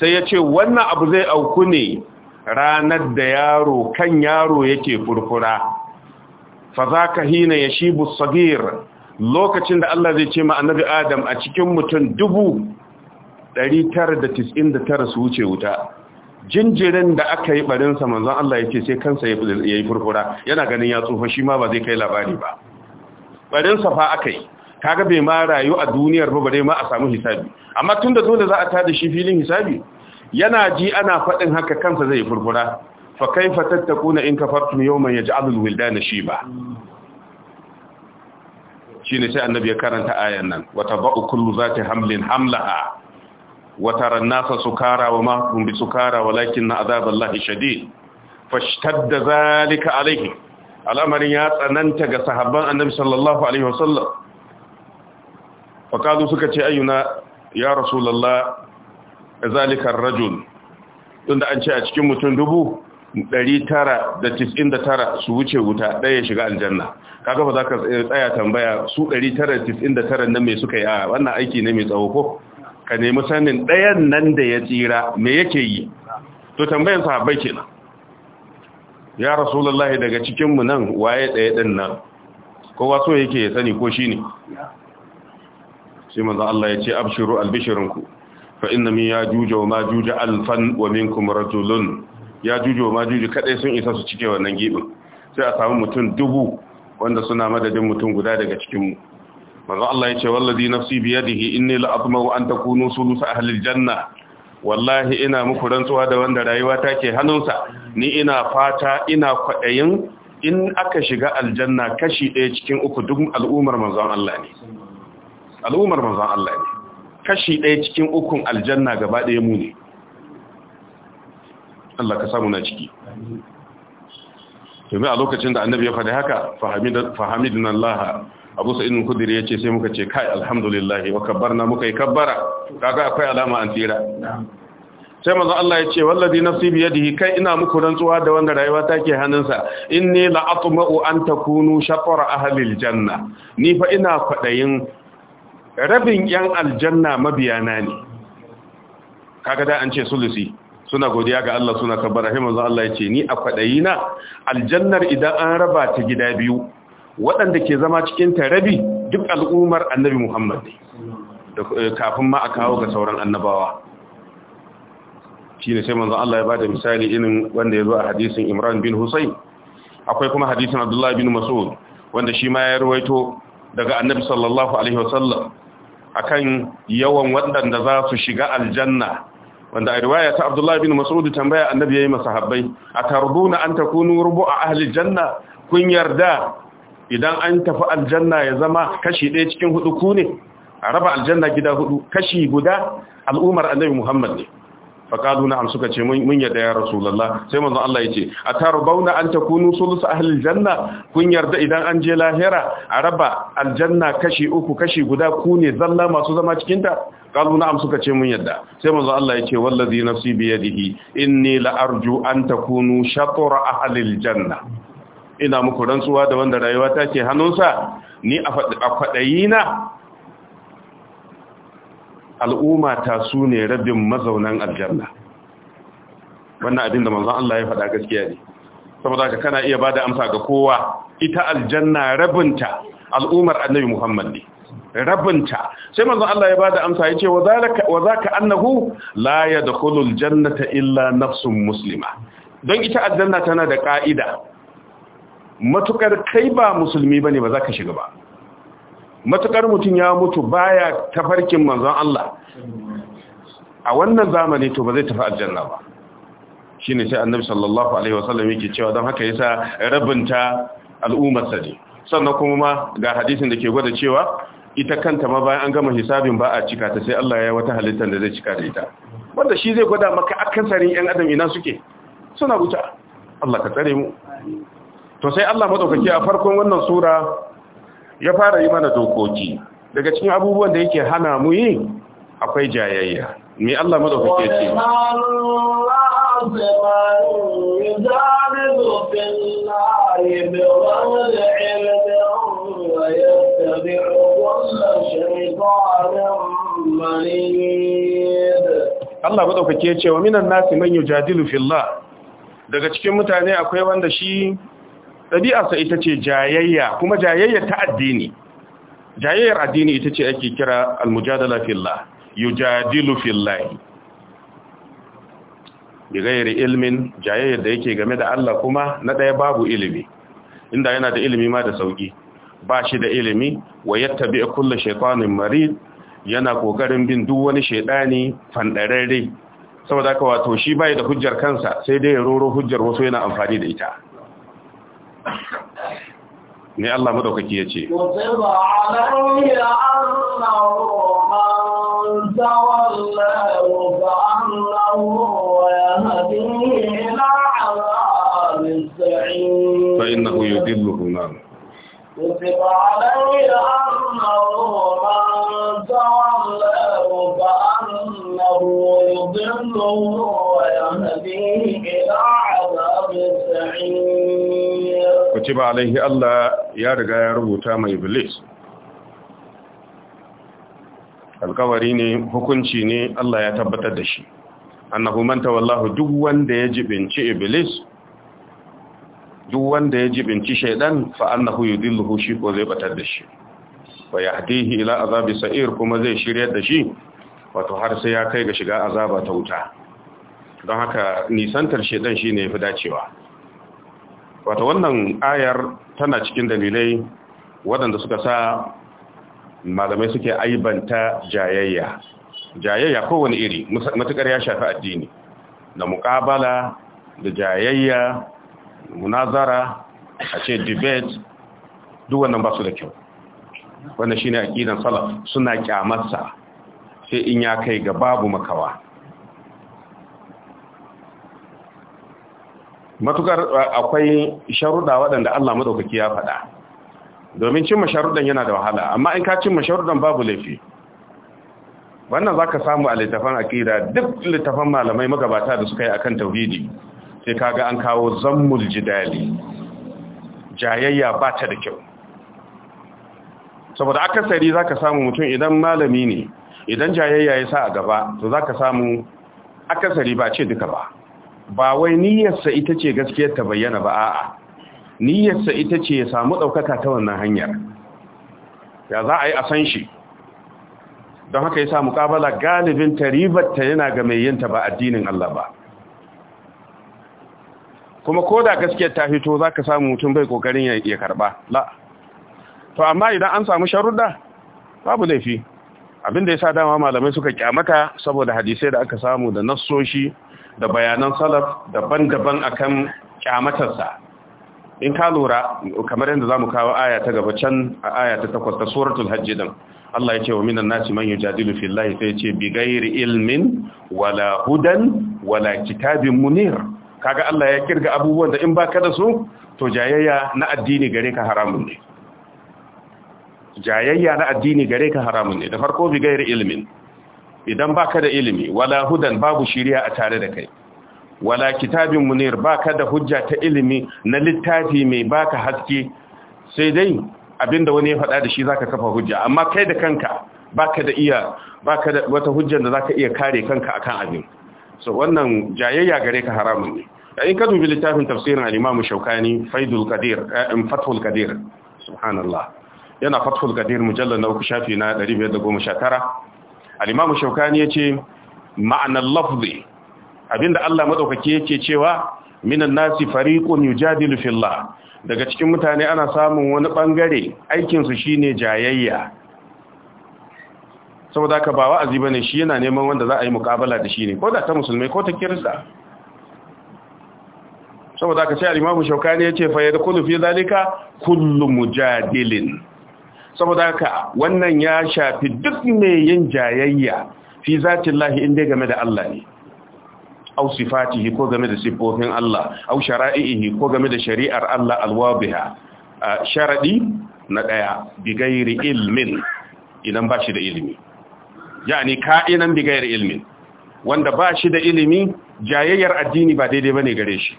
sai ya ce wannan abu zai auku ne ranar da yaro kan yaro yake furfura fa za ka hina ya shi sagir lokacin da Allah zai ce ma annabi Adam a cikin mutum dubu 999 su wuce wuta jinjirin da aka yi barinsa manzon Allah ya ce sai kansa ya yi furfura yana ganin ya tsufa shi ma ba zai kai labari ba barinsa fa aka yi kaga bai ma rayu a duniyar ba bare ma a samu hisabi amma tun da dole za a tada shi filin hisabi yana ji ana faɗin haka kansa zai yi furfura fa kaifa tattakuna in kafartum yawman yaj'alul wildana shiba shine sai annabi ya karanta ayan nan wa tabau kullu zati hamlin hamlaha wataran nasa sukara wa ma hum bi sukara walakin azaballahi shadid fashtadda zalika alaihi al'amarin ya tsananta ga sahabban annabi sallallahu alaihi wasallam faqalu suka ce ayyuna ya rasulullah zalika ar-rajul tunda an ce a cikin mutum dubu 999 su wuce wuta ɗaya shiga aljanna kaga ba za ka tsaya tambaya su 999 nan me suka yi a wannan aiki ne mai tsawo ko ka nemi sanin ɗayan nan da ya tsira me yake yi to tambayin sahabbai kenan ya rasulullahi daga cikinmu nan waye ɗaya ɗin nan kowa so yake ya sani ko shi ne? sai manzo Allah ya ce abshiru albishirinku fa inna min juja wa juja alfan wa minkum rajulun juja wa majuja kadai sun isa su cike wannan gibin sai a samu mutum dubu wanda suna madadin mutum guda daga cikinmu. manzo Allah ya ce wallazi nafsi bi yadihi inni la atma'u an takunu sulus ahli janna wallahi ina muku rantsuwa da wanda rayuwa take hannunsa ni ina fata ina kwaɗayin in aka shiga aljanna kashi ɗaya cikin uku duk al'ummar manzon Allah ne al'ummar manzon Allah ne kashi ɗaya cikin ukun aljanna gaba ɗaya mu ne Allah ka samu na ciki domin a lokacin da annabi ya faɗi haka fahamidan Allah abu inu kudiri ya ce sai muka ce kai alhamdulillah wa kabbarna muka yi kabbara kaga akwai alama an tsira sai manzo Allah ya ce wallazi nafsi bi yadihi kai ina muku rantsuwa da wanda rayuwa take hannunsa inni la atma'u an takunu shafara ahli aljanna ni fa ina kwadayin rabin yan aljanna mabiyana ne kaga da an ce sulusi suna godiya ga Allah suna kabbara sai manzo Allah ya ce ni a kwadayina aljannar idan an raba ta gida biyu waɗanda ke zama cikin tarabi duk al'ummar annabi Muhammad eh, kafin ma a kawo ga sauran annabawa shi ne sai manzan Allah ya bada misali irin wanda ya zo a hadisin Imran bin Husayn akwai kuma hadisin Abdullah bin Mas'ud wanda shi ma ya ruwaito daga annabi sallallahu alaihi wasallam akan yawan waɗanda za su shiga aljanna wanda a riwaya ta Abdullahi bin Mas'ud tambaya annabi yayi masahabbai atarduna an takunu rubu'a ahli janna kun yarda idan an tafi aljanna ya zama kashi ɗaya cikin hudu ku ne a raba aljanna gida hudu kashi guda al'ummar annabi muhammad ne faƙadu na suka ce mun yadda ya rasulallah sai manzon Allah ya ce a tarbauna an ta takunu sulus ahli janna kun yarda idan an je lahira a raba aljanna kashi uku kashi guda ku ne zalla masu zama cikin ta qalu na'am suka ce mun yadda sai manzon Allah ya ce wallazi nafsi bi yadihi inni la arju an takunu shatr ahli janna ina muku rantsuwa da wanda rayuwa ta ke hannunsa ni a kwaɗayi na al'umma ta su ne rabin mazaunan aljanna wannan abin da manzon Allah ya faɗa gaskiya ne saboda ka kana iya bada amsa ga kowa ita aljanna rabinta al'ummar annabi Muhammad ne rabinta sai manzon Allah ya bada amsa yace wa zalika wa zaka annahu la yadkhulul jannata illa nafsun muslima don ita aljanna tana da ka'ida matukar kai ba musulmi ne ba za ka shiga ba matukar mutum ya mutu baya tafarkin manzon Allah a wannan zamani to ba zai tafi aljanna ba ne sai annabi sallallahu alaihi wasallam yake cewa don haka yasa rabinta al'ummar sadi? ne sannan kuma ma ga hadisin da ke gwada cewa ita kanta ma bayan an gama hisabin ba a cika ta sai Allah ya wata halittar da zai cika da ita wanda shi zai gwada maka akasarin yan adam ina suke suna wuta Allah ka tsare mu to sai Allah madaukaki a farkon wannan sura ya fara yi mana dokoki daga cikin abubuwan da yake hana mu yi akwai jayayya me Allah madaukaki yake Allah madaukaki yace wa minan nasi man yujadilu fillah daga cikin mutane akwai wanda shi ɗabi'arsa ita ce jayayya kuma jayayya ta addini jayayyar addini ita ce ake kira almujadala fillah yujadilu fillahi bi gairi ilmin jayayyar da yake game da Allah kuma na ɗaya babu ilimi inda yana da ilimi ma da sauki ba shi da ilimi wa yattabi kullu shaytanin marid yana kokarin bin duk wani shaydani fandararre saboda haka wato shi bai da hujjar kansa sai dai ya roro hujjar wasu yana amfani da ita ne Allah madaukaki ya ce fa innahu yudillu hunan wa الله يضله ويهديه Allah ya riga ya rubuta الله يا alkawari ne hukunci ne Allah ya tabbatar da shi annahu man wallahu duk wanda ya jibinci iblis duk wanda ya jibinci shaidan fa annahu yudilluhu shi ko zai batar da shi wa yahdihi ila azabi sa'ir kuma zai shiryar da shi wato har sai ya kai ga shiga azaba ta wuta don haka nisantar shedan ne fi dacewa wato wannan ayar tana cikin dalilai waɗanda suka sa malamai suke aibanta jayayya jayayya kowane iri matukar ya shafi addini da muƙabala da jayayya munazara a ce debate duk wannan ba su da kyau wannan shi a aqidan salaf suna kyamarsa sai in ya kai ga babu makawa matukar akwai sharuɗa waɗanda Allah madaukaki ya faɗa domin cimma sharuɗan yana da wahala amma in ka cimma sharuɗan babu laifi wannan zaka samu a littafan aqida duk littafan malamai magabata da suka yi akan tauhidi sai kaga an kawo zammul jidali jayayya ba ta da kyau saboda akasari zaka samu mutum idan malami ne idan jayayya ya sa a gaba to za ka samu akasari ba ce duka ba ba wai niyyarsa ita ce gaskiyar ta bayyana ba a'a niyyarsa ita ce ya samu ɗaukaka ta wannan hanyar ya za a yi a san shi don haka ya sa muƙabala galibin ta yana ga mai yinta ba addinin Allah ba kuma ko da gaskiyar ta fito za ka samu mutum bai ƙoƙarin ya karɓa la to amma idan an samu sharuɗa babu laifi abin da sa dama malamai suka kyamata saboda hadisai da aka samu da nassoshi da bayanan salaf daban-daban akan kyamatarsa in ka lura kamar yadda za mu kawo aya ta gaba can a aya takwas ta suratul hajji din Allah ya ce wa minan nasi man yujadilu fillahi sai ya ce bi ghairi ilmin wala hudan wala kitabin munir kaga Allah ya kirga abubuwan da in baka da su to jayayya na addini gare ka haramun ne jayayya na addini gare ka haramun ne da farko bi gairi ilimin idan baka da ilimi wala hudan babu shiriya a tare da kai wala kitabin munir baka da hujja ta ilimi na littafi mai baka haske sai dai abinda wani ya faɗa da shi zaka kafa hujja amma kai da kanka baka da iya baka da wata hujjar da zaka iya kare kanka akan abin so wannan jayayya gare ka haramun ne in ka dubi littafin tafsirin al-Imam Shawkani Faidul Qadir in eh, Fathul Qadir subhanallah yana fathul gadir mujallar na uku shafi na 519 al-imamu shaukani yace ma'anar lafzi abinda Allah madaukake yake cewa minan nasi fariqun yujadilu fillah daga cikin mutane ana samun wani bangare aikin su shine jayayya saboda ka ba wa'azi bane shi yana neman wanda za a yi mukabala da shi ne ko da ta musulmai ko ta kirista saboda ka sai al-imamu shaukani yace fa yadkhulu fi zalika kullu mujadilin saboda haka wannan ya shafi duk mai yin jayayya fi zatin lahi inda game da Allah ne au sifatihi ko game da sifofin Allah au shara'ihi ko game da shari'ar Allah alwabiha sharadi na daya bigairi ilmin idan ba shi da ilimi yani ka'inan bigairi ilmin wanda ba shi da ilimi jayayyar addini ba daidai bane gare shi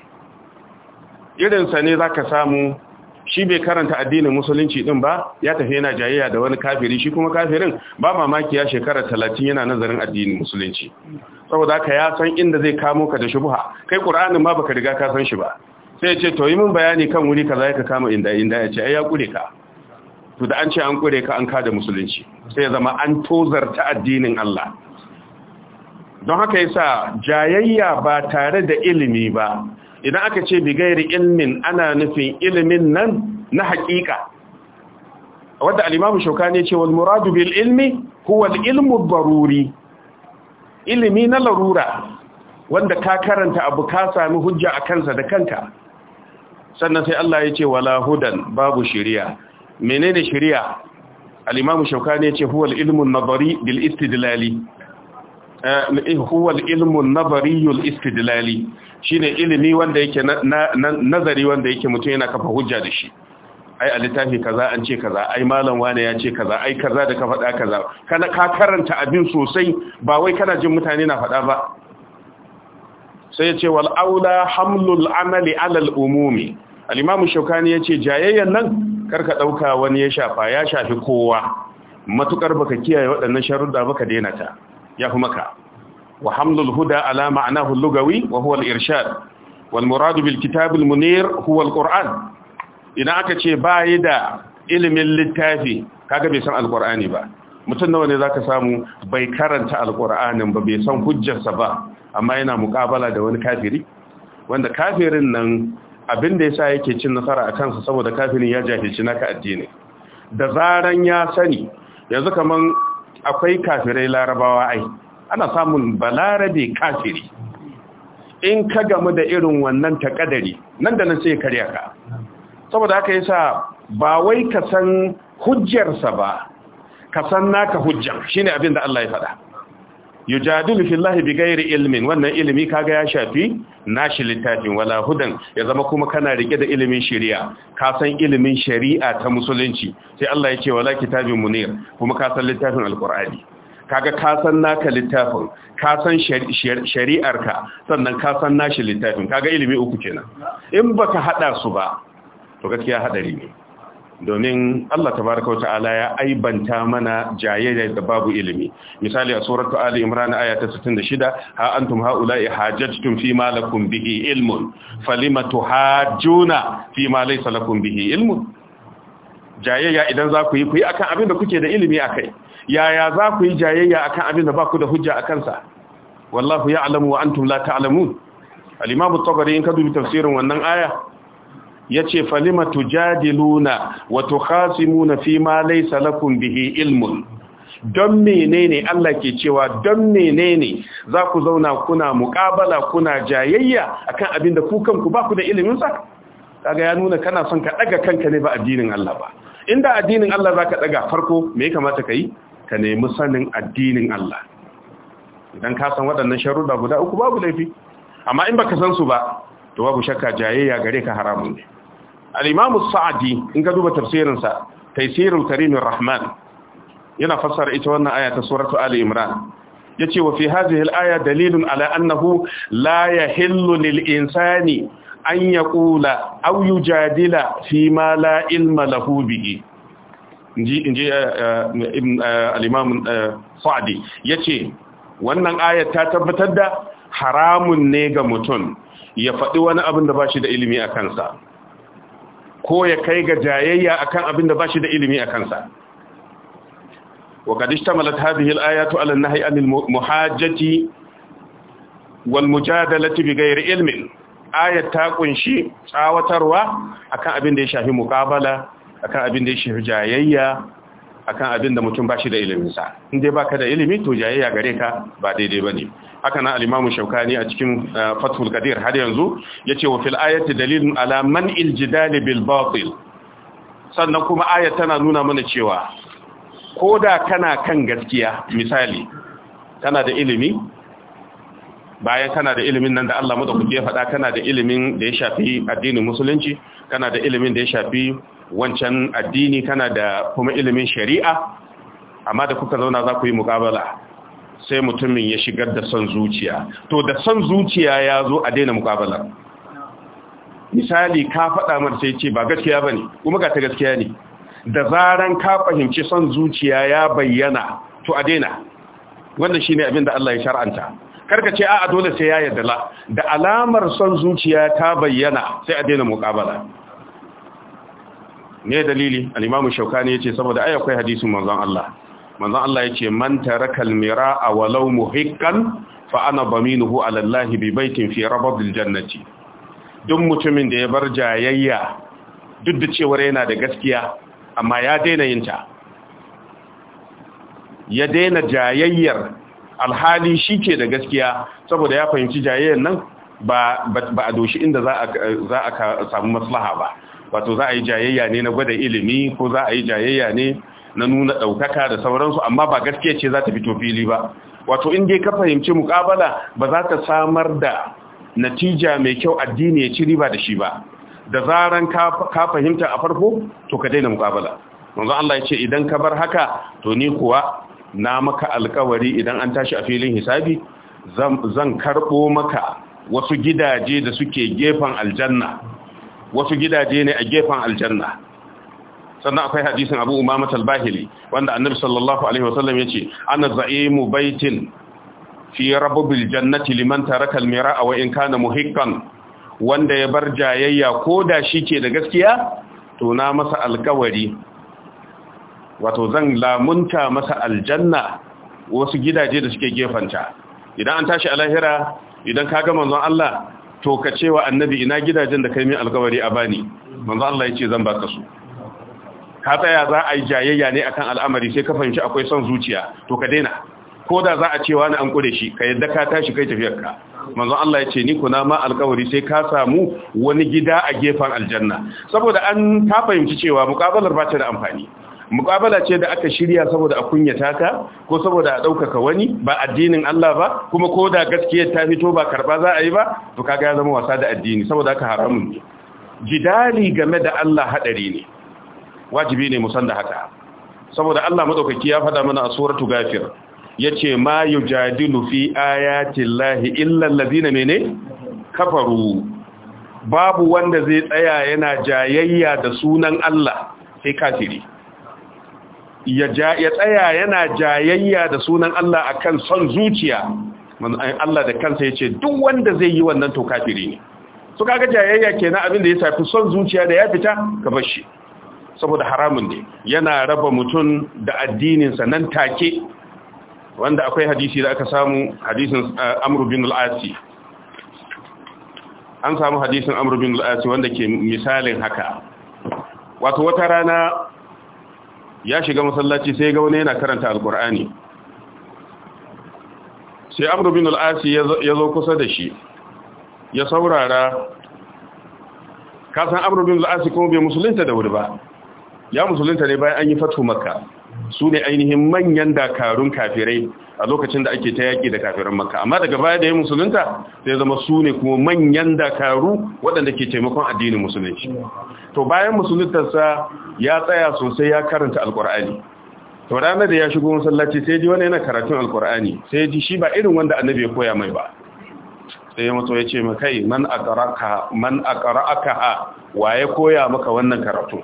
irinsa ne zaka samu shi bai karanta addinin musulunci din ba ya tafi yana jayayya da wani kafiri shi kuma kafirin ba mamaki ya shekara talatin yana nazarin addinin musulunci saboda haka ya san inda zai kamo ka da shubuha. kai qur'anin ma baka riga kasan shi ba sai ya ce to yi min bayani kan wuri kaza ka kama inda inda ya ce ya kure ka to da an ce an kure ka an kada musulunci sai ya zama an tozarta addinin Allah don haka yasa jayayya ba tare da ilimi ba idan aka ce bigayar ilmin ana nufin ilimin nan na haƙiƙa wadda alimamu shauka ne ce wal muradu bil ilmi huwa ilmu baruri ilimi na larura wanda ka karanta abu ka sami hujja a kansa da kanka sannan sai Allah ya ce wala hudan babu shiriya menene shiriya al-imamu ne ya ce huwa al-ilmu an bil istidlali eh, huwa al-ilmu an al-istidlali shine ilimi wanda yake nazari wanda yake mutum yana kafa hujja da shi ai a littafi kaza an ce kaza ai malam wane ya ce kaza ai kaza da ka faɗa kaza kana ka karanta abin sosai ba wai kana jin mutane na faɗa ba sai ya ce wal aula hamlul amali alal umumi al Shaukani shaukani ce jayayyan nan karka dauka wani ya shafa ya shafi kowa matukar baka kiyaye waɗannan sharuɗa baka daina ta ya fi maka Wahamlul huda وحمل الهدى على معناه اللغوي وهو الإرشاد والمراد بالكتاب المنير هو القرآن إذا أكتش بايدا علم للتافي كاكا بيسان القرآن ba. mutum nawa ne za ka samu bai karanta alkur'anin ba bai san hujjarsa ba amma yana mukabala da wani kafiri wanda kafirin nan abin da ya sa yake cin nasara a kansa saboda kafirin ya jahilci naka addini da zaran ya sani yanzu kaman akwai kafirai larabawa ai ana samun balarabe kafiri in ka gamu da irin wannan takadari nan da nan sai karya ka saboda haka yasa ba wai ka san hujjarsa ba ka san naka hujja shine abin da Allah ya faɗa yujadilu fillahi bighairi ilmin wannan ilimi kaga ya shafi nashi littafin wala hudan ya zama kuma kana rike da ilimin shari'a ka san ilimin shari'a ta musulunci sai Allah ya ce wala kitabin munir kuma ka san littafin alqur'ani kaga ka san naka littafin ka san shari'arka sannan ka san nashi littafin kaga ilimi uku kenan in baka hada su ba to gaskiya hadari ne domin Allah tabaraka ta'ala ya aibanta mana jayayya da babu ilimi misali a suratu ali imran aya ta 66 ha antum haula'i hajajtum fi ma lakum bihi ilmun falima fi ma laysa lakum bihi ilmun jayayya idan za ku yi ku yi akan abin da kuke da ilimi akai yaya za ku yi jayayya akan abin da ba ku da hujja a kansa wallahu alamu wa an la ta alamu imam tsogari in ka dubi tafsirin wannan aya Ya ce falima wato wa na fi ma laysa lakum bihi ilmun don mene ne Allah ke cewa don mene ne za ku zauna kuna muk'abala kuna jayayya akan abin da ku ba ku da ilimin sa kaga ya nuna kana son ka daga kanka ne ba addinin Allah ba inda addinin Allah za ka daga farko me ya kamata yi? ka nemi sanin addinin Allah idan ka san waɗannan sharuɗa guda uku babu laifi amma in baka san su ba to babu shakka jayayya gare ka haramun ne al-imam sa'di in ka duba tafsirin sa taysirul karimir rahman yana fassara ita wannan aya ta suratu ali imran yace wa fi hadhihi al-aya dalilun ala annahu la yahillu lil insani an yaqula aw yujadila fi ma la ilma lahu bihi inji eh, eh, eh, al'imamun sa'adi ya ce wannan ayat ta tabbatar da haramun ne ga mutum ya faɗi wani abin da ba da ilimi a kansa ko ya kai ga jayayya a kan abin da ba shi da ilimi a kansa وقد ayatu ala الآيات على muhajjati عن المحاجة bi بغير ilmin ayat ta kunshi tsawatarwa akan abin da ya shafi mukabala akan abin da ya shafi jayayya akan abin da mutum bashi da ilimin sa in dai baka da ilimi to jayayya gare ka ba daidai bane haka na al-Imam shaukani a cikin eh, Fathul Qadir har yanzu yace wa fil ayati dalilun ala man iljidal bil batil sannan kuma ayat tana nuna mana cewa koda kana kan gaskiya misali kana da ilimi bayan kana da ilimin nan da Allah madaukaki ya faɗa kana da ilimin da ya shafi addinin musulunci kana da ilimin da ya shafi wancan addini kana da kuma ilimin shari'a amma da kuka zauna za ku yi muƙabala sai mutumin ya shigar da son zuciya to da son zuciya ya zo a daina mukabala misali ka faɗa mar sai ce ba gaskiya ba ne kuma ga ta gaskiya ne da zaran ka fahimci son zuciya ya bayyana to a daina wannan shine abin da Allah ya shar'anta karka ce a dole sai ya yarda la da alamar son zuciya ta bayyana sai a daina muqabala ne dalili al-imam ya ce saboda ai akwai hadisin manzon Allah manzon Allah yace man taraka kalmira miraa walau muhiqqan fa ana baminuhu ala Allah bi baitin fi rabdil jannati duk mutumin da ya bar jayayya duk da cewar yana da gaskiya amma ya daina yinta ya daina jayayyar alhali shi ke da gaskiya saboda ya fahimci jayayen nan ba a doshi inda za a samu maslaha ba wato za a yi jayayya ne na gwada ilimi ko za a yi jayayya ne na nuna ɗaukaka da sauransu amma ba gaskiya ce za ta fito fili ba wato in dai ka fahimci mukabala ba za ta samar da natija mai kyau addini ya ci riba da shi ba da zaran ka fahimta a farko to ka daina mukabala manzo Allah ya ce idan ka bar haka to ni kuwa na maka alkawari idan an tashi a filin hisabi zan karɓo maka wasu gidaje da suke gefen aljanna wasu gidaje ne a gefen aljanna sannan akwai hadisin abu umamat al-bahili wanda annabi sallallahu alaihi wasallam yace ana za'imu baitin fi rabbil jannati liman taraka al-mira'a wa in kana muhiqqan wanda ya bar jayayya ko da shi ke da gaskiya to na masa alkawari wato zan lamunta masa aljanna wasu gidaje da suke gefanta idan an tashi alahira idan ka ga manzon Allah to ka cewa annabi ina gidajen da kai min alkawari a bani manzon Allah ya ce zan baka su ka tsaya za a yi jayayya ne akan al'amari sai ka fahimci akwai son zuciya to ka daina ko da za a ce wani an kure shi ka yadda ka tashi kai tafiyarka manzon Allah ya ce ni kuna ma alkawari sai ka samu wani gida a gefen aljanna saboda an ta fahimci cewa muqabalar ba ta da amfani muƙabala ce da aka shirya saboda a kunyata ka ko saboda a ɗaukaka wani ba addinin Allah ba kuma ko da gaskiyar ta fito ba karba za a yi ba to kaga ya zama wasa da addini saboda aka haramun ne jidali game da Allah haɗari ne wajibi ne musan da haka saboda Allah madaukaki ya faɗa mana a suratu gafir yace ma yujadilu fi ayati llahi illa allazina mene kafaru babu wanda zai tsaya yana jayayya da sunan Allah sai kafiri ya tsaya yana jayayya da sunan Allah akan son zuciya Allah da kansa ya ce duk wanda zai yi wannan to kafiri ne su kaga jayayya kenan abin da ya tafi son zuciya da ya fita ka bar saboda haramun ne yana raba mutum da addininsa nan take wanda akwai hadisi da aka samu hadisin uh, amru bin al an samu hadisin amru bin al wanda ke misalin haka wato wata rana ya shiga masallaci sai ga wani yana karanta alkur'ani sai amru bin al'asi ya zo kusa da shi ya saurara kasan amru bin al'asi kuma bai musulunta da wuri ba ya musulunta ne bayan an yi fatu makka su ne ainihin manyan dakarun kafirai a lokacin da ake ta yaƙi da kafiran maka, amma daga baya da ya musulunta sai zama su ne kuma manyan dakaru waɗanda ke taimakon addinin musulunci to bayan musuluntarsa ya tsaya sosai ya karanta alƙur'ani to ranar da ya shigo masallaci sai ji wani yana karatun alƙur'ani sai ji shi ba irin wanda annabi ya koya mai ba sai ya mato ya ce ma kai man aqra'aka man aqra'aka ya koya maka wannan karatu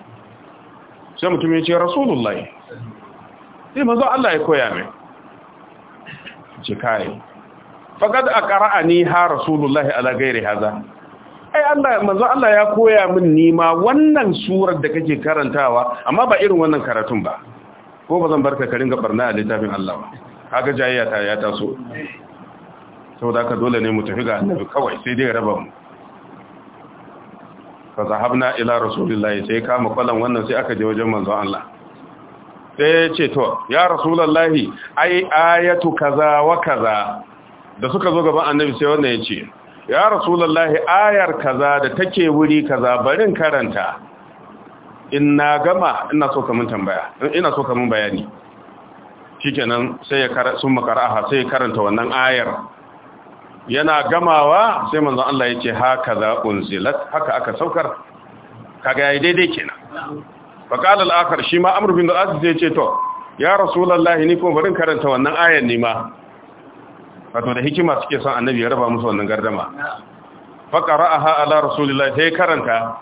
sai mutum ya ce rasulullahi sai manzo Allah ya koya mai ce kai faqad aqra'ani ha rasulullahi ala ghairi hadha ai Allah manzo Allah ya koya min nima wannan surar da kake karantawa amma ba irin wannan karatun ba ko bazan barka ka ringa barna a littafin Allah ba kaga jayayya ta ya taso saboda ka dole ne mu tafi ga annabi kawai sai dai raba mu fa zahabna ila rasulillahi sai kama kwalan wannan sai aka je wajen manzo Allah sai ya ce to ya rasulallahi ai ayatu kaza wa kaza da suka zo gaban annabi sai wannan ya ce ya rasulallahi ayar kaza da take wuri kaza barin karanta in gama ina so mun tambaya ina so mun bayani shikenan sai ya sun makaraha sai ya karanta wannan ayar yana gamawa sai manzon Allah ya ce haka za unzilat haka aka saukar kaga yayi daidai kenan faƙal al'akar shi ma amur bin al'asir ya ce to ya rasulallah ni kuma barin karanta wannan ayan ne ma wato da hikima suke son annabi ya raba musu wannan gardama faƙara'aha ala rasulillah sai karanta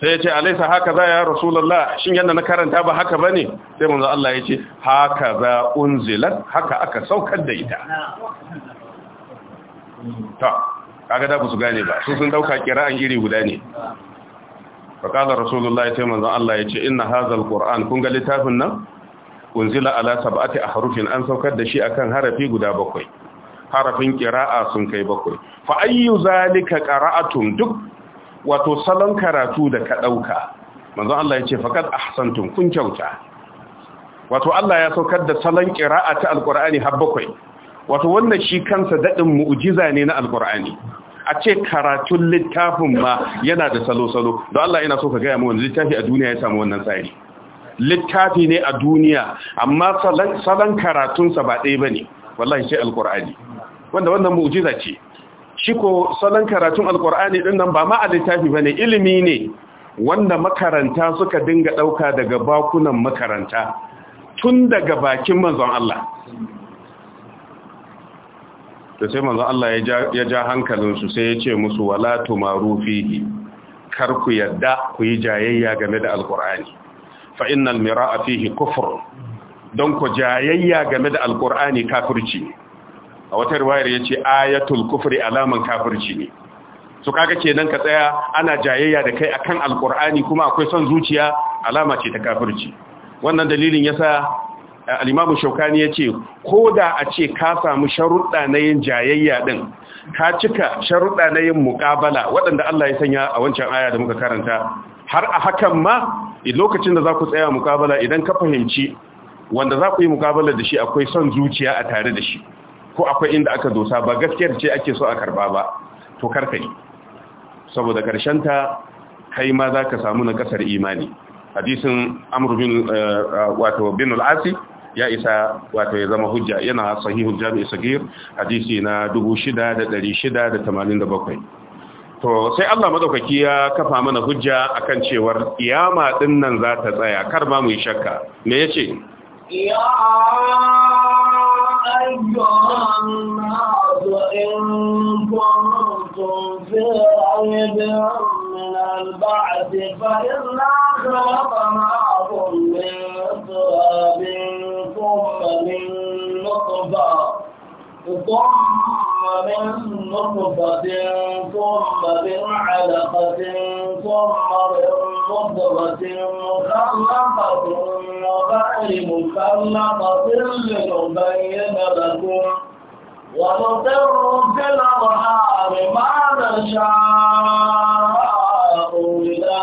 sai ya ce alaisa haka za ya rasulallah shin yadda na karanta ba haka ba ne sai manzo Allah ya ce haka za unzilat haka aka saukar da ita ta kaga da ba su gane ba su sun dauka kira'an iri guda ne faƙalar rasulullahi sai manzon Allah ya ce inna hazal qur'an kun ga littafin nan unzila ala sab'ati harufin. an saukar da shi akan harafi guda bakwai harafin ƙira'a sun kai bakwai fa ayyu zalika qara'atum duk wato salon karatu da ka dauka manzon Allah ya ce faqad ahsantum kun kyauta wato Allah ya saukar da salon ƙira'a ta alqur'ani har bakwai wato wannan shi kansa dadin mu'jiza ne na alqur'ani a ce karatun littafin ma yana da salo-salo don Allah yana so ka gaya mu wani littafi a duniya ya samu wannan tsari littafi ne a duniya amma salon karatunsa ba ɗaya ba ne wallahi sai alkur'ani wanda wannan mu'jiza ce shi ko salon karatun alkur'ani ɗin nan ba ma a littafi ba ne ilimi ne wanda makaranta suka dinga ɗauka daga bakunan makaranta tun daga bakin manzon Allah to sai manzo Allah ya ja hankalinsu sai ya ce musu wala tumaru fihi kar ku yadda ku yi jayayya game da alqur'ani fa innal mira'a fihi kufr don ku jayayya game da alqur'ani kafirci a wata riwayar yace ayatul kufri alaman kafirci ne su kaga kenan ka tsaya ana jayayya da kai akan alqur'ani kuma akwai son zuciya alama ce ta kafirci wannan dalilin yasa Alimamu shaukani ya ce ko da a ce ka samu sharuɗa na yin jayayya ɗin ka cika sharuɗa na yin muƙabala waɗanda Allah ya sanya a wancan aya da muka karanta har a hakan ma lokacin da za ku tsaya muƙabala idan ka fahimci wanda za ku yi muƙabala da shi akwai son zuciya a tare da shi ko akwai inda aka dosa ba gaskiyar ce ake so a karba ba to karkai saboda karshen ta kai ma za ka samu na ƙasar imani hadisin amru bin eh, wato bin al-asi ya isa wato ya zama hujja yana sahihul jami'i sagir hadisi na 6687 to sai Allah madaukaki ya kafa mana hujja akan cewar kiyama din nan za ta tsaya kar ba mu yi shakka me yace ya ayyuhan nasu in kuntum fi ثم من نطفة ثم من نطفة ثم من علقة ثم من مضغة مخلقة وغير مخلقة لنبين لكم ونقر في الأرحام ما نشاء إلى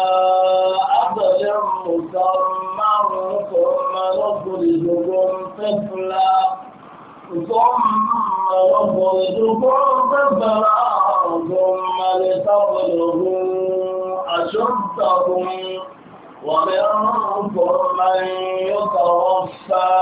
أجل مسمى الأرض ثم نخرجكم طفلا ثم نخرجكم طفلا ثم لتبلغوا أشدكم ومنكم من يتوفى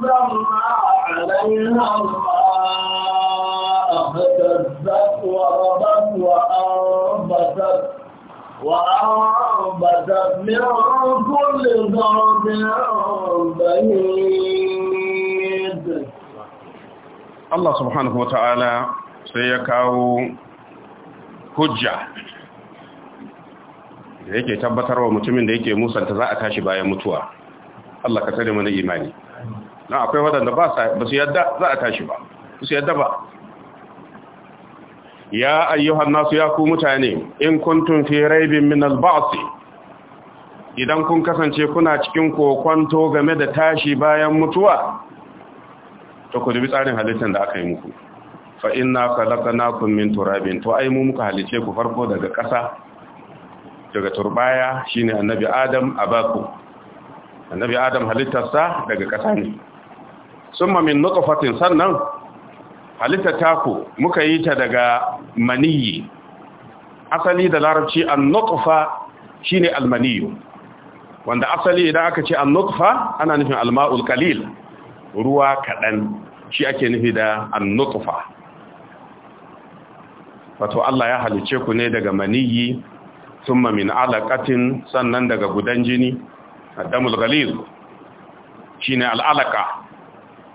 Allah subhanahu wa ta’ala sai ya kawo hujja da yake tabbatarwa mutumin da yake musanta za a tashi bayan mutuwa. Allah ka sai da mana imani. na akwai waɗanda ba su yadda za a tashi ba su yadda ba ya ayyuhan nasu ya ku mutane in kuntum fi raibin min alba'si idan kun kasance kuna cikin kokwanto game da tashi bayan mutuwa to ku dubi tsarin halittar da aka yi muku fa inna khalaqnakum min turabin to ai mu muka halice ku farko daga ƙasa daga turbaya shine annabi adam abaku annabi adam halittarsa daga ƙasa ne summa min nutfatin sannan halitta taku muka yi ta daga maniyi asali da larabci an-nutfa shine al-maniyu wanda asali idan aka ce an-nutfa ana nufin al-ma'ul ruwa kaɗan shi ake nufi da an-nutfa wato Allah ya halice ku ne daga maniyi thumma min alaqatin sannan daga gudan jini adamul ghalil shine al-alaqa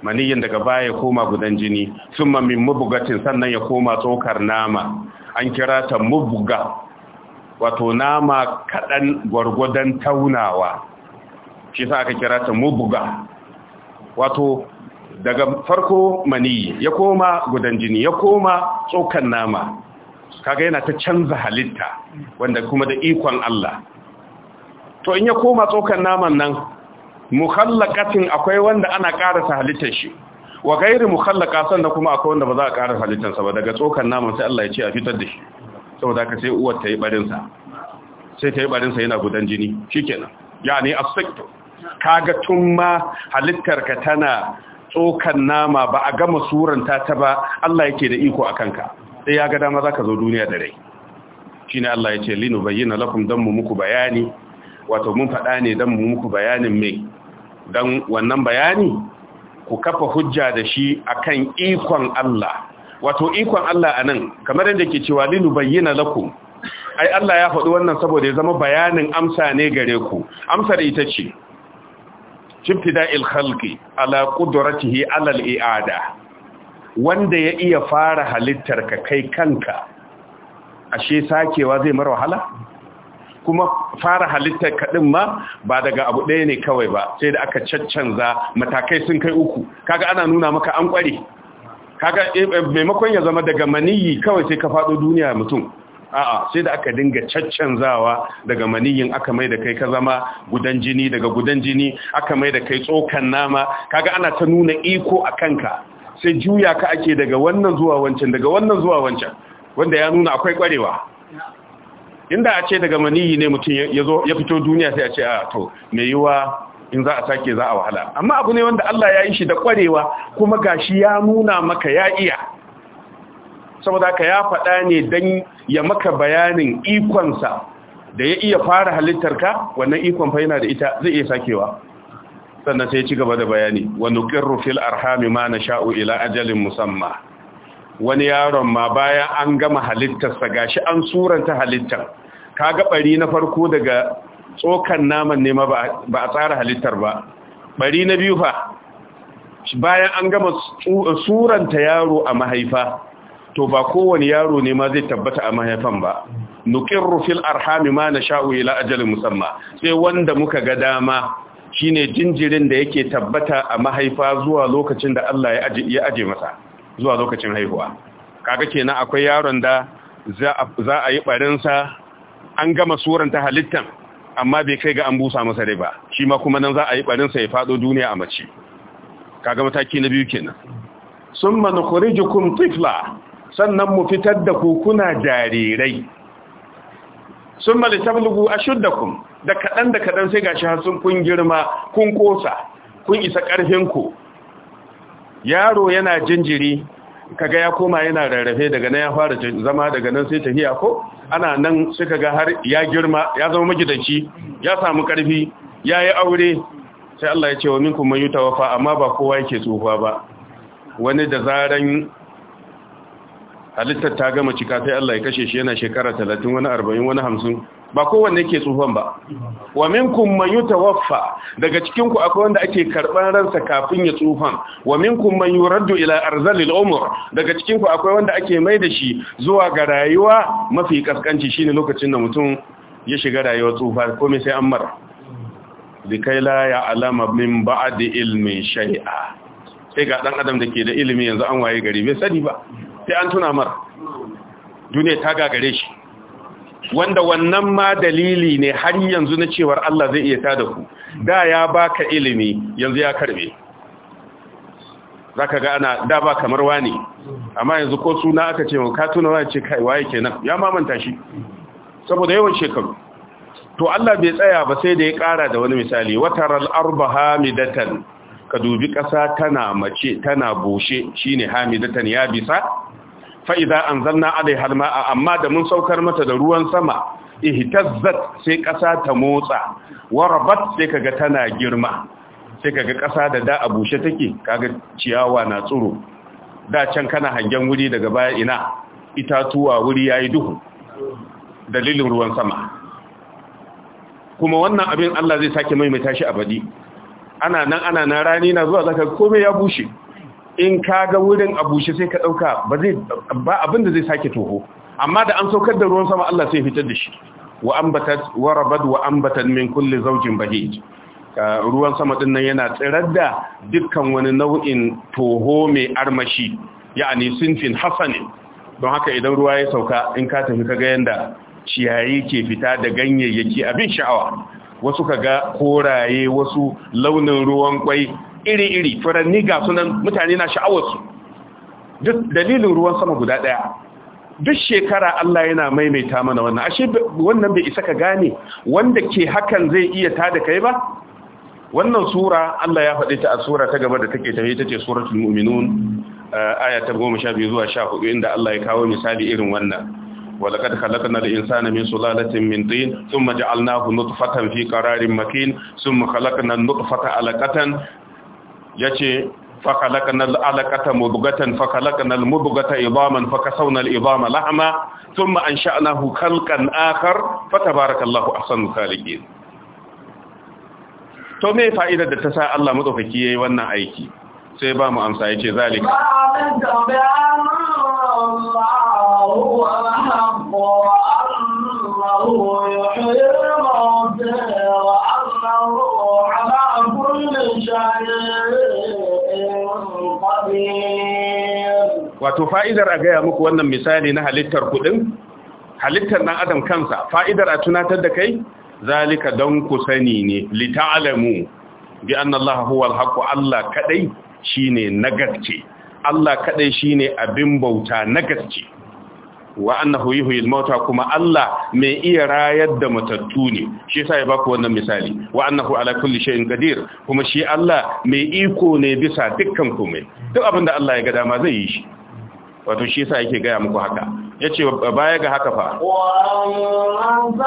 maniyin daga baya ya koma gudan jini sun mamin mubgatin sannan ya koma tsokar nama an kira ta mubga wato nama kaɗan gwargwadon taunawa shi sa aka kira ta mubga wato daga farko maniyi ya koma gudan jini ya koma tsokar nama kaga yana ta canza halitta wanda kuma da ikon Allah to in ya koma tsokar naman nan mukhallaqatin akwai wanda ana karasa halittar shi wa gairu mukhallaqa sannan kuma akwai wanda ba za a karasa halittar sa ba daga tsokan naman sai Allah ya ce a fitar da shi saboda ka sai uwar ta yi barin sa sai ta yi barin sa yana gudan jini shikenan yani aspect kaga tun ma halittar ka tana tsokan nama ba a gama suran ta ta ba Allah yake da iko akan ka sai ya ga dama zaka zo duniya da rai shine Allah ya ce linu bayyana lakum dan mu muku bayani wato mun faɗa ne dan mu muku bayanin mai don wannan bayani ku kafa hujja da shi akan ikon Allah wato ikon Allah anan kamar yadda ke cewa linu bayyana lakum ai Allah ya faɗi wannan saboda ya zama bayanin amsa ne gare ku amsar ita ce ibtida'il khalqi ala qudratihi ala al-i'ada wanda ya iya fara halittar ka kai kanka ashe sakewa zai mara wahala kuma fara halittar kaɗin ma ba daga abu ɗaya ne kawai ba sai da aka caccanza matakai sun kai uku kaga ana nuna maka an ƙware kaga eh, eh, maimakon ya zama daga maniyi kawai sai ka faɗo duniya mutum a'a sai da aka dinga caccanzawa daga maniyin aka mai da kai ka zama gudan jini daga gudan jini aka mai da kai tsokan nama kaga ana ta nuna iko a kanka sai juya ka ake daga wannan zuwa wancan daga wannan zuwa wancan wanda ya nuna akwai ƙwarewa inda a ce daga maniyi ne mutum ya fito duniya sai a ce a to mai yiwa in za a sake za a wahala amma abu ne wanda Allah ya yi shi da kwarewa kuma gashi ya nuna maka ya iya saboda ka ya faɗa ne dan ya maka bayanin ikonsa da ya iya fara halittarka wannan ikon fa yana da ita zai iya sakewa sannan sai ya ci gaba da bayani wa nuqirru fil arhami ma nasha'u ila ajalin musamma wani yaron ma bayan an gama halittarsa gashi an suranta halittar kaga bari na farko daga tsokan naman ne ma ba a tsara halittar ba bari na biyu fa bayan an gama suranta yaro a mahaifa to ba kowane yaro ne ma zai tabbata a mahaifan ba nuqirru fil arhami ma nasha'u ila ajalin musamma sai wanda muka ga dama shine jinjirin da yake tabbata a mahaifa zuwa lokacin da Allah ya aje masa zuwa lokacin haihuwa kaga kenan akwai yaron da za a yi barinsa an gama suranta halittan amma bai kai ga an busa masa dai ba shi ma kuma nan za a yi barinsa ya fado duniya a mace kaga mataki na biyu kenan sun kun tifla sannan mu fitar da kukuna jarirai sun malitablugu ashuddakum da kadan da kaɗan, sai gashi har sun kun girma kun kosa kun isa karfin ku yaro yana jinjiri kaga ya koma yana rarrafe daga nan ya fara zama daga nan sai tafiya ko ana nan suka ga har ya girma ya zama magidanci ya samu karfi ya yi aure sai Allah ya ce wa minkum man yutawafa amma ba kowa yake tsufa ba wani da zaran halittar ta gama cika sai Allah ya kashe shi yana shekara 30 wani 40 wani ba kowanne ke tsufan ba wa minkum man yutawaffa daga cikin ku akwai wanda ake karban ransa kafin ya tsufan wa minkum man yuraddu ila arzalil umr daga cikin ku akwai wanda ake mai da shi zuwa ga rayuwa mafi kaskanci shine lokacin da mutum ya shiga rayuwar tsufa komai sai an mara likai la ya alama min ba'di ilmi shay'a sai ga dan adam da ke da ilimi yanzu an waye gari bai sani ba sai an tuna mara duniya ta gagare shi wanda wannan ma dalili ne har yanzu na cewar Allah zai iya tada ku da ya baka ilimi yanzu ya karbe zaka ga ana da ba kamar wani amma yanzu ko suna aka ce ka tuna wani ce kai waye kenan ya mamanta shi saboda yawan shekaru to Allah bai tsaya ba sai da ya kara da wani misali wataral arba hamidatan ka dubi ƙasa tana mace tana bushe shine hamidatan ya bisa fa'iza an zanna alaihar halma'a, amma da mun saukar mata da ruwan sama ihtazzat sai ƙasa ta motsa warabat sai kaga tana girma sai kaga ƙasa da da a bushe take kaga ciyawa na tsuro da can kana hangen wuri daga baya ina itatuwa wuri yayi duhu dalilin ruwan sama kuma wannan abin Allah zai sake maimaita shi abadi ana nan ana nan rani na zuwa zaka komai ya bushe in ka ga wurin abushe sai ka ɗauka ba abin da zai sake toho amma da an saukar da ruwan sama Allah sai fitar da shi wa ambatat wa rabad wa min kulli zawjin bahij ruwan sama din nan yana tsirar da dukkan wani nau'in toho mai armashi yani sinfin hasani don haka idan ruwa ya sauka in ka tafi ka ga yanda ciyayi ke fita da ganyayyaki abin sha'awa wasu ka ga koraye wasu launin ruwan kwai iri-iri furanni ga sunan mutane na sha'awarsu duk dalilin ruwan sama guda ɗaya duk shekara Allah yana maimaita mana wannan ashe wannan bai isa ka gane wanda ke hakan zai iya tada kai ba wannan sura Allah ya faɗi ta a sura ta gaba da take tafi ita ce suratul mu'minun eh, aya ta 12 zuwa 14 inda Allah ya kawo misali irin wannan ولقد خلقنا الإنسان من سلالة من طين ثم جعلناه نطفة في قرار مكين ثم خلقنا النطفة علقة yace fa khalaqnal alaqata mudghatan fa khalaqnal mudghata idaman fa kasawna al idama lahma thumma ansha'nahu khalqan akhar fa tabarakallahu ahsanul khaliqin to me fa'idar da ta sa Allah madaukaki yayi wannan aiki sai ba mu amsa yace zalika Allah Wato fa'idar a gaya muku wannan misali na halittar kuɗin? Halittar ɗan adam kansa, fa'idar a tunatar da kai? Zalika don ku sani ne, lita'alamu, bi an Allah huwa alhaku Allah kaɗai shi ne na gaske, Allah kaɗai shi ne abin bauta na gaske. wa annahu yuhyil mauta kuma Allah mai iya rayar da matattu ne shi yasa ya baku wannan misali wa annahu ala kulli shay'in qadir kuma shi Allah mai iko ne bisa dukkan komai duk abinda Allah ya ga dama zai yi shi wato shi yasa yake gaya muku haka yace baya ga haka fa wa an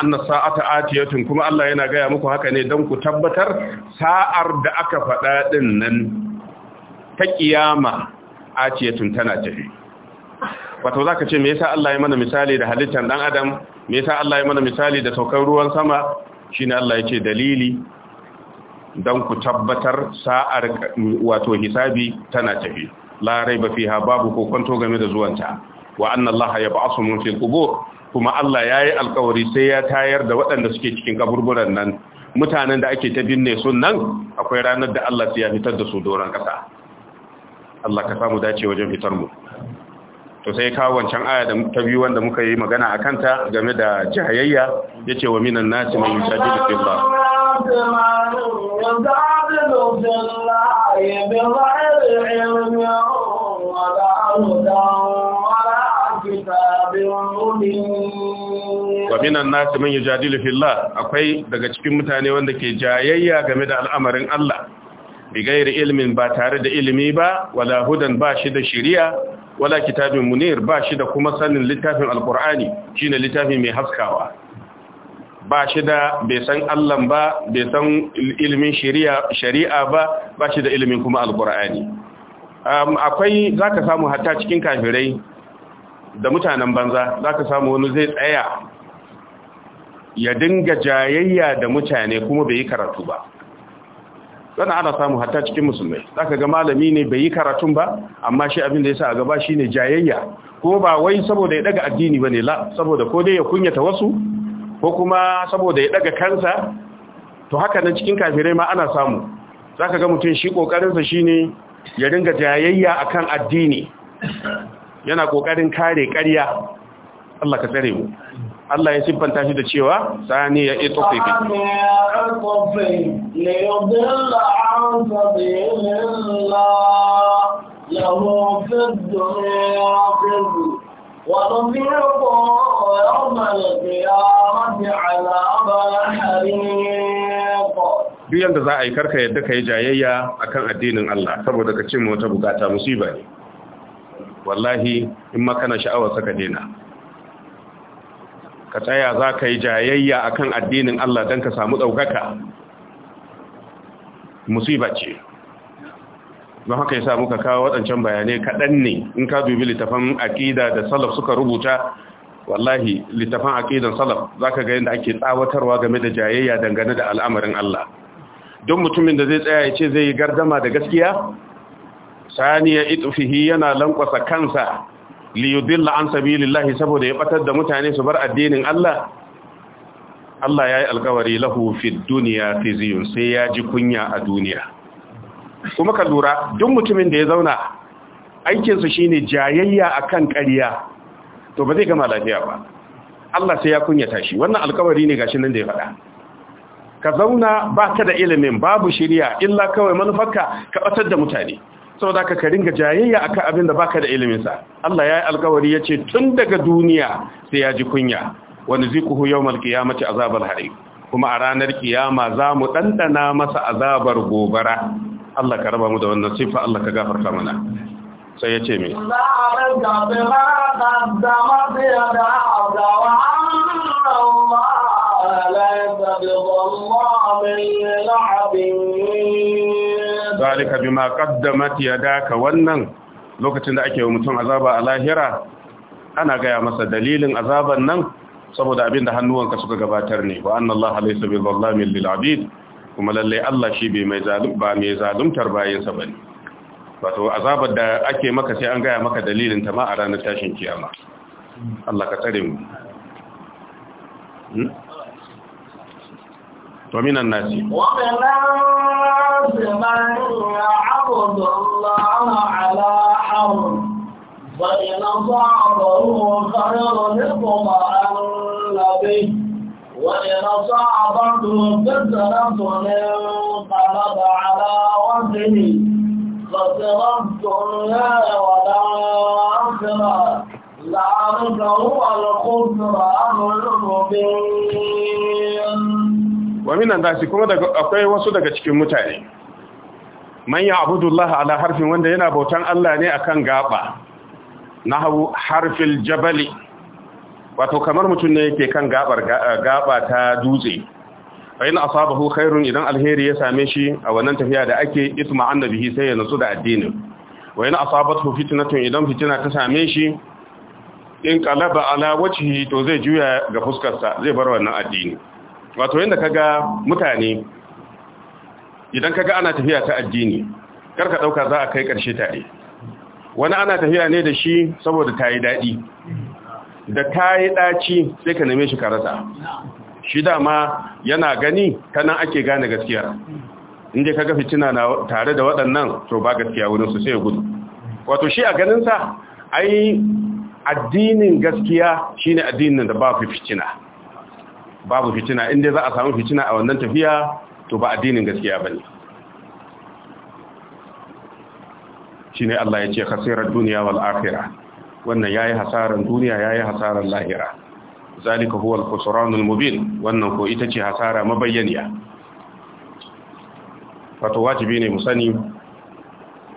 anna sa'ata atiyatun kuma Allah yana gaya muku haka ne don ku tabbatar sa'ar da aka faɗa din nan ta ƙiyama atiyatun tana tafi wato ka ce me yasa Allah ya mana misali da halittar ɗan adam me yasa Allah ya mana misali da saukar ruwan sama shine Allah ce dalili don ku tabbatar sa'ar wato hisabi tana tafi Larai ba fiha babu kokonto game da zuwanta wa anna Allah ya ba'asu min fil qubur kuma Allah ya yi alkawari sai ya tayar da waɗanda suke cikin kaburburan nan mutanen da ake ta binne sun nan akwai ranar da Allah ya fitar da su doron ƙasa Allah ka samu dace wajen fitar mu to sai kawo wancan aya da ta biyu wanda muka yi magana a kanta game da jahayayya ce wa minan nasi man yushajidu fillah ba. wa minan nas man yujadilu fillah akwai daga cikin mutane wanda ke jayayya game da al'amarin Allah bigairi ilmin ba tare da ilimi ba wala hudan ba shi da shiriya wala kitabin munir ba shi da kuma sanin littafin alkur'ani shine littafi mai haskawa ba shi da bai san Allah ba bai san ilimin shari'a ba ba shi da ilimin kuma alkur'ani akwai zaka samu hatta cikin kafirai da mutanen banza za ka samu wani zai tsaya ya dinga jayayya da mutane kuma bai yi karatu ba zana ana samu hatta cikin musulmai za ka ga malami ne bai yi karatun ba amma shi abin da ya sa a gaba shi ne jayayya Ko ba wai saboda ya daga addini ba ne la saboda ko dai ya kunyata wasu ko kuma saboda ya daga kansa to haka nan cikin kafirai ma ana samu za ka ga mutum shi ƙoƙarinsa shi ne ya dinga jayayya akan addini yana kokarin kare ƙarya Allah ka tsare mu Allah ya siffanta shi da cewa sani ya ito fi Duk da za a yi karka yadda ka yi jayayya akan addinin Allah saboda ka ce wata bukata musiba wallahi in ma kana sha'awar saka dena ka tsaya za ka yi jayayya a kan addinin Allah don ka samu ɗaukaka musiba ce don haka sa muka kawo waɗancan bayanai kaɗan ne in ka dubi littafan aƙida da salaf suka rubuta wallahi littafan aƙidan salaf za ka ga yadda ake tsawatarwa game da jayayya dangane da al'amarin Allah don mutumin da zai tsaya ya ce zai yi gardama da gaskiya saniya itufihi yana lankwasa kansa li yudilla an sabilillahi saboda ya batar da mutane su bar addinin Allah Allah yayi alkawari lahu fid dunya fiziyun sai ya ji kunya a duniya kuma ka lura duk mutumin da ya zauna aikin sa shine jayayya akan ƙarya to ba zai gama lafiya ba Allah sai ya kunyata shi wannan alkawari ne gashi nan da ya faɗa ka zauna ba da ilimin babu shirya illa kawai manufarka ka batar da mutane saboda ka ka ringa jayayya akan abin da baka da ilimin sa Allah ya yi alkawari yace tun daga duniya sai ya ji kunya wani nuziquhu yawmal qiyamati azabar haɗi. kuma a ranar kiyama zamu ɗanɗana dandana masa azabar gobara Allah ka raba mu da wannan sifa Allah ka gafarta mana sai yace me Allah zalika bima qaddamat yadaka wannan lokacin da ake wa mutum azaba a lahira ana gaya masa dalilin azaban nan saboda abin da hannuwanka suka gabatar ne wa anna Allah laysa bi zallamin lil abid kuma lalle Allah shi bai mai zalim ba mai zalimtar bayin sa bane wato azabar da ake maka sai an gaya maka dalilin ta ma a ranar tashin kiyama Allah ka tsare mu hmm? ومن الناس ومن الناس من يعبد الله على حرب فإن صعبه خير لطمأن به وإن صعبته فتنة انقلب على وجهه خسر الدنيا والآخرة ذلك هو الخسران المبين wa minan shi kuma akwai wasu daga cikin mutane man ya'budullah ala harfin wanda yana bautan Allah ne akan gaba nahwu harfil jabali wato kamar mutum ne yake kan gabar gaba ta dutse fa in asabahu khairun idan alheri ya same shi a wannan tafiya da ake isma annabihi sai ya nutsu da addinin wa in asabathu fitnatun idan fitina ta same shi in qalaba ala wajhi to zai juya ga fuskarsa zai bar wannan addini wato yadda ga mutane idan ka ga ana tafiya ta addini kar ka ɗauka za a kai karshe tare wani ana tafiya ne da shi saboda ta yi daɗi da ta yi ɗaci sai ka neme shi karasa shi ma yana gani ta nan ake gane gaskiya inda ka gafi tuna na tare da waɗannan to ba gaskiya wurinsu sai ya gudu wato shi a ganinsa ai addinin gaskiya shine addinin da ba fitina babu fitina inda za a samu fitina a wannan tafiya to ba addinin gaskiya bane ne Allah ya ce khasirar duniya wal akhirah wannan yayi hasaran duniya yayi hasaran lahira zalika huwal al khusranul mubin wannan ko ita ce hasara mabayyaniya wato wajibi ne mu sani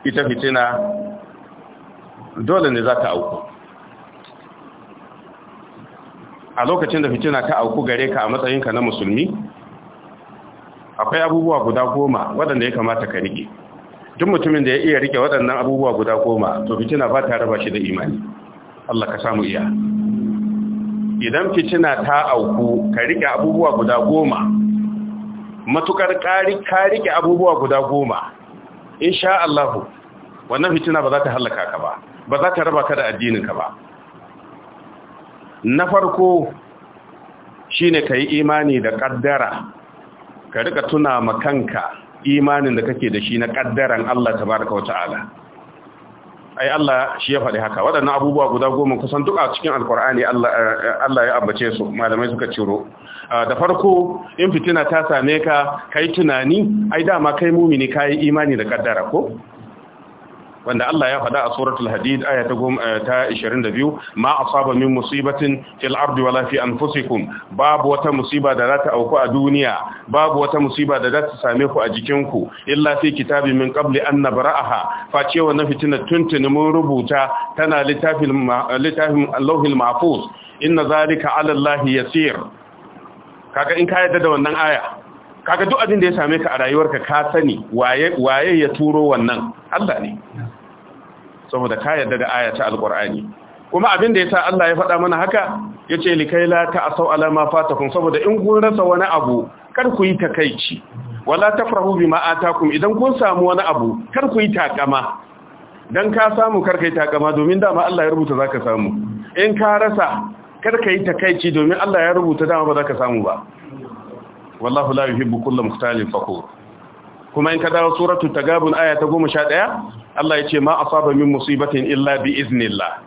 ita fitina dole ne za ta auku a lokacin da fitina ta auku gare ka a matsayinka na musulmi akwai abubuwa guda goma waɗanda ya kamata ka rike duk mutumin da ya iya rike waɗannan abubuwa guda goma to fitina ba ta raba shi da imani Allah ka samu iya idan fitina ta auku ka rike abubuwa guda goma matukar ka rike abubuwa guda goma insha Allah wannan fitina ba za ta halaka ka ba ba za ta raba ka da addinin ka ba na farko shi ne ka yi imani da ƙaddara, ka rika tuna ma kanka imanin da kake da shi na kaddaran Allah baraka wa ta'ala ai Allah shi ya faɗi haka waɗannan abubuwa guda goma kusan duk a cikin alkur'ani Allah ya ambace su malamai suka ciro da farko in fitina ta same ka kai tunani ai dama kai mumini kai imani da kaddara ko wanda Allah ya faɗa a suratul hadid aya ta 22 eh, ma asaba min musibatin fil ardi wala fi anfusikum babu wata musiba da za ta auku a duniya babu wata musiba da za ta same ku a jikinku illa fi kitabi min qabli an nabra'aha fa ce wannan fitina tuntuni mun rubuta tana litafin lauhin Allahul mahfuz inna zalika ala Allah yasir kaga in ka yadda da wannan aya kaga duk abin da ya same ka a rayuwarka ka sani waye ya turo wannan Allah ne saboda ka yarda da aya alqur'ani kuma abin da yasa Allah ya faɗa mana haka yace likaila la ta'asau ala ma fatakum saboda in kun rasa wani abu kar ku yi takeici wala tafrahu bima atakum idan kun samu wani abu kar ku yi takama dan ka samu kar kai takama domin dama Allah ya rubuta zaka samu in ka rasa kar kai takeici domin Allah ya rubuta dama ba zaka samu ba wallahu la yuhibbu kullu mukhtalin fakhur kuma in ka dawo suratu tagabun aya ta 11 Allah ya ce ma asaba min musibatin illa bi iznillah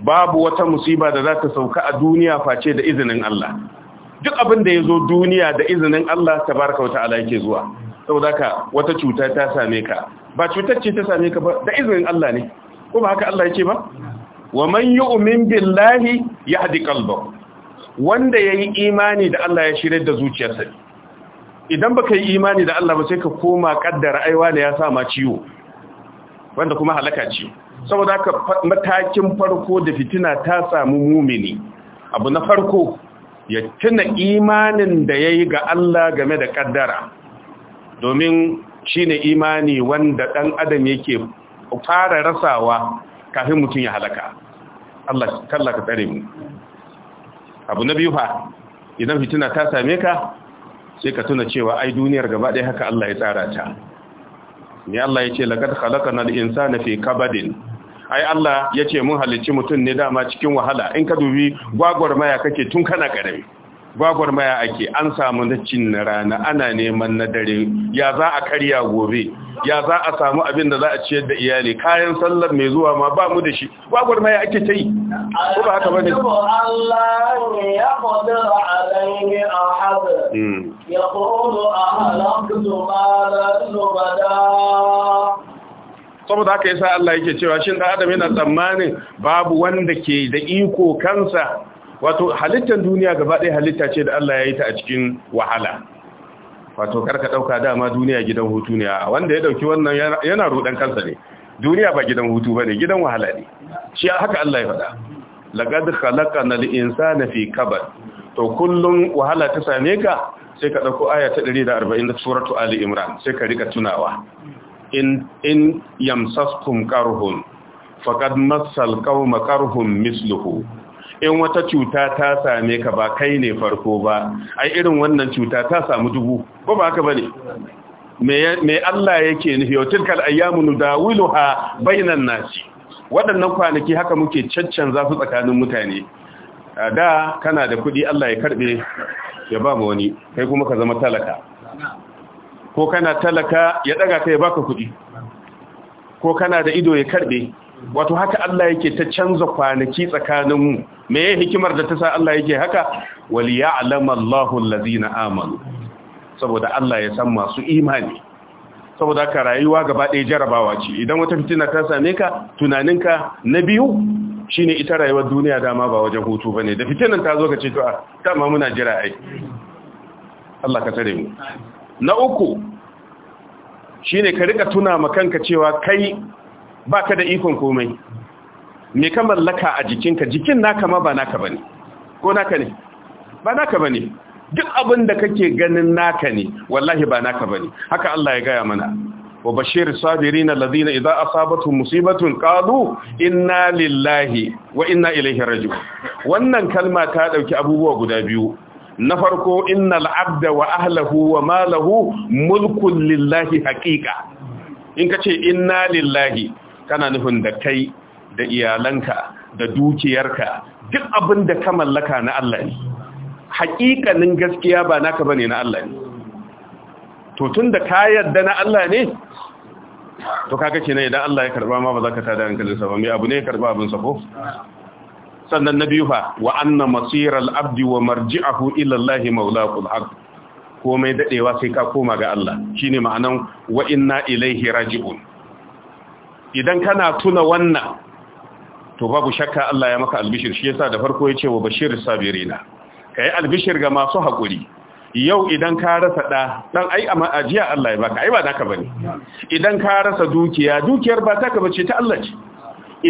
babu wata musiba da za ta sauka a duniya face da izinin Allah duk abin da yazo duniya da izinin Allah tabaaraka ta'ala yake zuwa saboda ka wata cuta ta same ka ba cutar ce ta same ka ba da izinin Allah ne ko ba haka Allah yake ba wa man yu'min billahi yahdi qalbahu wanda yayi imani da Allah ya shirye da zuciyarsa idan baka yi imani da Allah ba sai ka koma kaddara aiwa ne ya sa ma ciwo wanda kuma halaka ce saboda haka matakin farko da fitina ta samu mumini abu na farko ya tuna imanin da ya yi ga Allah game da kaddara domin shine imani wanda ɗan adam yake fara rasawa kafin mutum ya halaka Allah kalla ka tsare mu abu na biyu fa idan fitina ta same ka sai ka tuna cewa ai duniyar gaba ɗaya haka Allah ya tsara ta ne Allah ya ce laqad khalaqnal insana fi kabadin ai Allah ya ce mun halicci mutum ne dama cikin wahala in ka dubi gwagwarmaya kake tun kana karami gwagwarmaya ake an samu na cin na rana ana neman na dare ya za a karya gobe ya za a samu abin da za a ciyar da iyali kayan sallar mai zuwa ma ba mu da shi gwagwarmaya ake ta yi ko ba haka ba ne hmm. saboda haka yasa Allah yake cewa shin da adam yana tsammanin babu wanda ke da iko kansa wato halittar duniya gaba ɗaya halitta ce da Allah ya yi ta a cikin wahala wato karka ɗauka dama duniya gidan hutu ne wanda ya ɗauki wannan yana ruɗan kansa ne duniya ba gidan hutu ba ne gidan wahala ne shi haka Allah ya faɗa laqad khalaqana al-insana fi kabad to kullum wahala ta same ka sai ka ɗauko aya ta 140 da suratu ali imran sai ka rika tunawa in in yamsaskum karhun, faqad massal qauma qarhun misluhu in wata cuta ta same ka ba kai ne farko ba ai irin wannan cuta ta samu dubu ko ba haka bane me Allah yake nufi wa tilkal ayyamu nudawiluha bainan nasi waɗannan kwanaki haka muke caccan za su tsakanin mutane da kana da kuɗi Allah ya karbe ya ba mu wani kai kuma ka zama talaka ko kana talaka ya ɗaga ka ya baka kuɗi ko kana da ido ya karbe wato haka Allah yake ta canza kwanaki tsakaninmu me hikimar da ta sa Allah yake haka waliya'lama Allahu allazina amanu saboda Allah ya san masu imani saboda ka rayuwa gaba ɗaya jarabawa ce idan wata fitina ta same ka tunaninka na biyu shine ita rayuwar duniya dama ba wajen hutu bane da fitinan ta zo ka ce to a dama muna jira ai Allah ka tare mu na uku shine ka rika tuna ma kanka cewa kai ba ka da ikon komai me ka mallaka a jikinka jikin naka ma ba naka bane ko naka ne ba naka bane duk abin da kake ganin naka ne wallahi ba naka bane haka Allah ya gaya mana wa bashir sabirin alladhina idza asabatuhum musibatun qalu inna lillahi wa inna ilaihi raji'un wannan kalma ta dauki abubuwa guda biyu na farko innal abda wa ahlahu wa malahu mulkun lillahi haqiqa in kace inna lillahi kana nufin da kai da iyalanka da dukiyarka duk abin da ka mallaka na Allah ne hakikanin gaskiya ba naka bane na Allah ne to tunda ka yarda na Allah ne to kaga kenan idan Allah ya karba ma ba za ka tada hankalin sa ba mai abu ne ya karba abin sa ko sannan na biyu fa wa anna masiral abdi wa marji'ahu ila Allah maulaqul haq komai dadewa sai ka koma ga Allah shine ma'anan wa inna ilaihi raji'un idan kana tuna wannan to babu shakka Allah ya maka albishir shi yasa da farko ya ce wa bashir sabirina kai albishir ga masu hakuri yau idan ka rasa da dan ai ajiya Allah ya baka ai ba naka bane idan ka rasa dukiya dukiyar ba taka bace ta Allah ce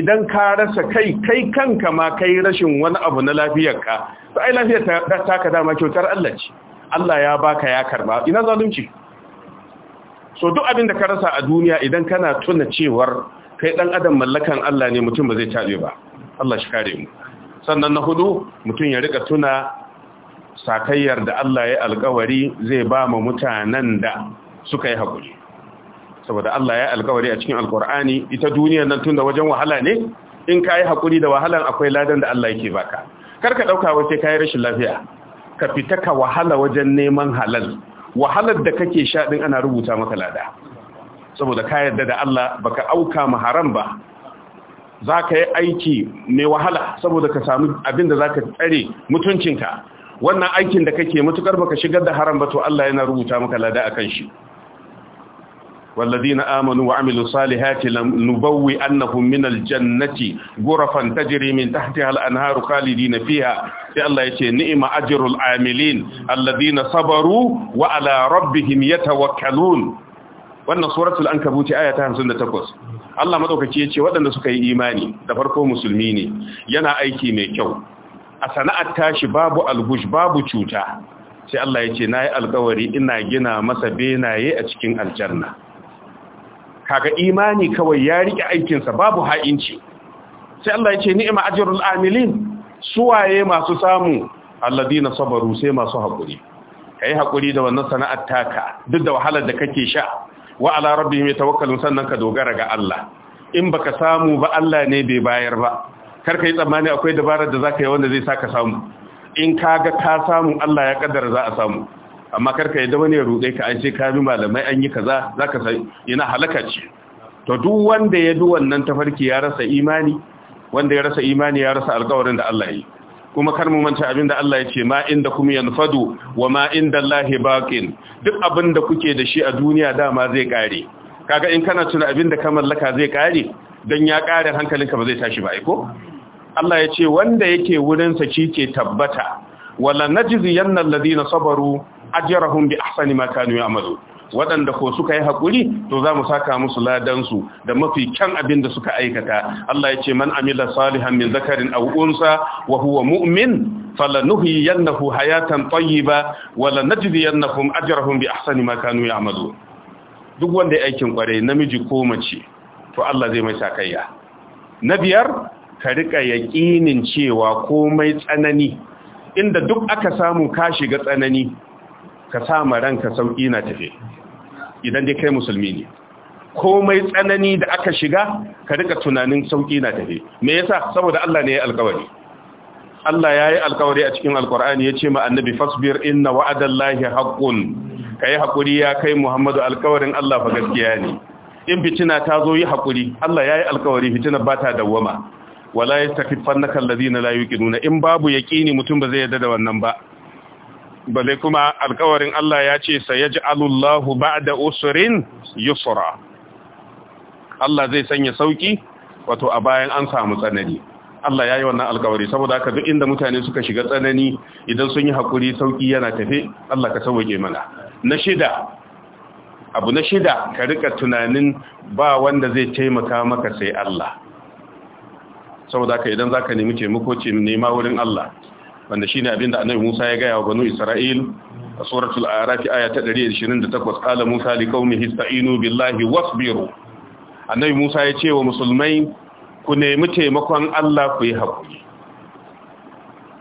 idan ka rasa kai kai kanka ma kai rashin wani abu na lafiyarka to ai lafiyar ta taka dama kyautar Allah ce Allah ya baka ya karba ina zalunci so duk abin da ka rasa a duniya idan kana tuna cewar kai dan adam mallakan Allah ne mutum ba zai tabe ba Allah shi kare mu sannan na hudu mutum ya rika tuna sakayyar da Allah ya alkawari zai ba mu mutanen da suka yi hakuri saboda Allah ya alkawari a cikin alkur'ani ita duniyar nan tunda wajen wahala ne in ka yi hakuri da wahalan akwai ladan da Allah yake baka kar ka ɗauka wace ka rashin lafiya ka fita ka wahala wajen neman halal wahalar da kake sha din ana rubuta maka lada saboda ka yarda da Allah baka auka ma haram ba za ka yi aiki mai wahala saboda ka samu abin da za ka tsare mutuncinka wannan aikin da kake mutukar baka shigar da haram ba to Allah yana rubuta maka lada akan shi والذين آمنوا وعملوا الصالحات لنبوي أنهم من الجنة غرفا تجري من تحتها الأنهار خالدين فيها في الله يتي نعم أجر العاملين الذين صبروا وعلى ربهم يتوكلون wannan suratul ankabut aya ta 58 Allah madaukaki yace waɗanda suka yi imani da farko musulmi ne yana aiki mai kyau a sana'ar tashi babu algush babu cuta sai Allah yace nayi alƙawari ina gina masa benaye a cikin aljanna kaga imani kawai ya rike aikinsa babu ha'inci sai Allah ya ce ni'ma ajrul amilin waye masu samu alladina sabaru sai masu hakuri kai hakuri da wannan sana'ar taka duk da wahalar da kake sha wa ala rabbihim yatawakkalun sannan ka dogara ga Allah in baka samu ba Allah ne bai bayar ba kar yi tsammani akwai dabarar da zaka yi wanda zai saka samu in kaga ka samu Allah ya kaddara za a samu amma karka yadda wani ya rude ka an ce ka bi malamai an yi kaza zaka sai yana halaka ce to duk wanda ya bi wannan tafarki ya rasa imani wanda ya rasa imani ya rasa alƙawarin da Allah ya yi kuma kar mu manta abin da Allah ya ce ma inda kum yanfadu wa ma inda Allah baqin duk abin da kuke da shi a duniya dama zai kare kaga in kana tuna abin da ka mallaka zai kare dan ya kare hankalinka ba zai tashi ba aiko Allah ya ce wanda yake wurin sa ke tabbata wala najzi yanna alladhina sabaru ajrahum bi ahsani ma kanu ya'malu waɗanda ko suka yi haƙuri to za mu saka musu su da mafi kyan abin da suka aikata Allah ya ce man amila salihan min zakarin aw unsa wa huwa mu'min falanuhyiyannahu hayatan tayyiba wa lanajziyannahum ajrahum bi ahsani ma kanu ya'malu duk wanda ya aikin kware namiji ko mace to Allah zai mai sakayya na biyar ka rika yaqinin cewa komai tsanani inda duk aka samu ka shiga tsanani ka sa ma ranka sauki na tafe idan dai kai musulmi ne komai tsanani da aka shiga ka rika tunanin sauki na tafe me yasa saboda Allah ne ya alƙawari? Allah ya yi alƙawari a cikin Alƙur'ani ya ce ma annabi fasbir inna wa'adallahi haqqun kai hakuri ya kai Muhammadu alƙawarin Allah fa gaskiya ne in fitina ta zo yi hakuri Allah ya yi alƙawari fitina ba ta dawwama wala yastakifannaka alladhina la yuqinuna in babu yaqini mutum ba zai yarda da wannan ba bale kuma alkawarin Allah ya ce ba ba'da usrin yusra Allah zai sanya sauki wato a bayan an samu tsanani Allah ya yi wannan alkawari saboda haka duk inda mutane suka shiga tsanani idan sun yi hakuri sauki yana tafe Allah ka sauke mana na shida abu na shida ka rika tunanin ba wanda zai taimaka maka sai Allah saboda haka idan zaka nemi taimako ce nema wurin Allah wanda shine abin da annabi Musa ya gaya wa banu Isra'il a suratul a'raf aya ta 128 qala Musa liqaumihi ista'inu billahi wasbiru annabi Musa ya ce wa musulmai ku nemi taimakon Allah ku yi hakuri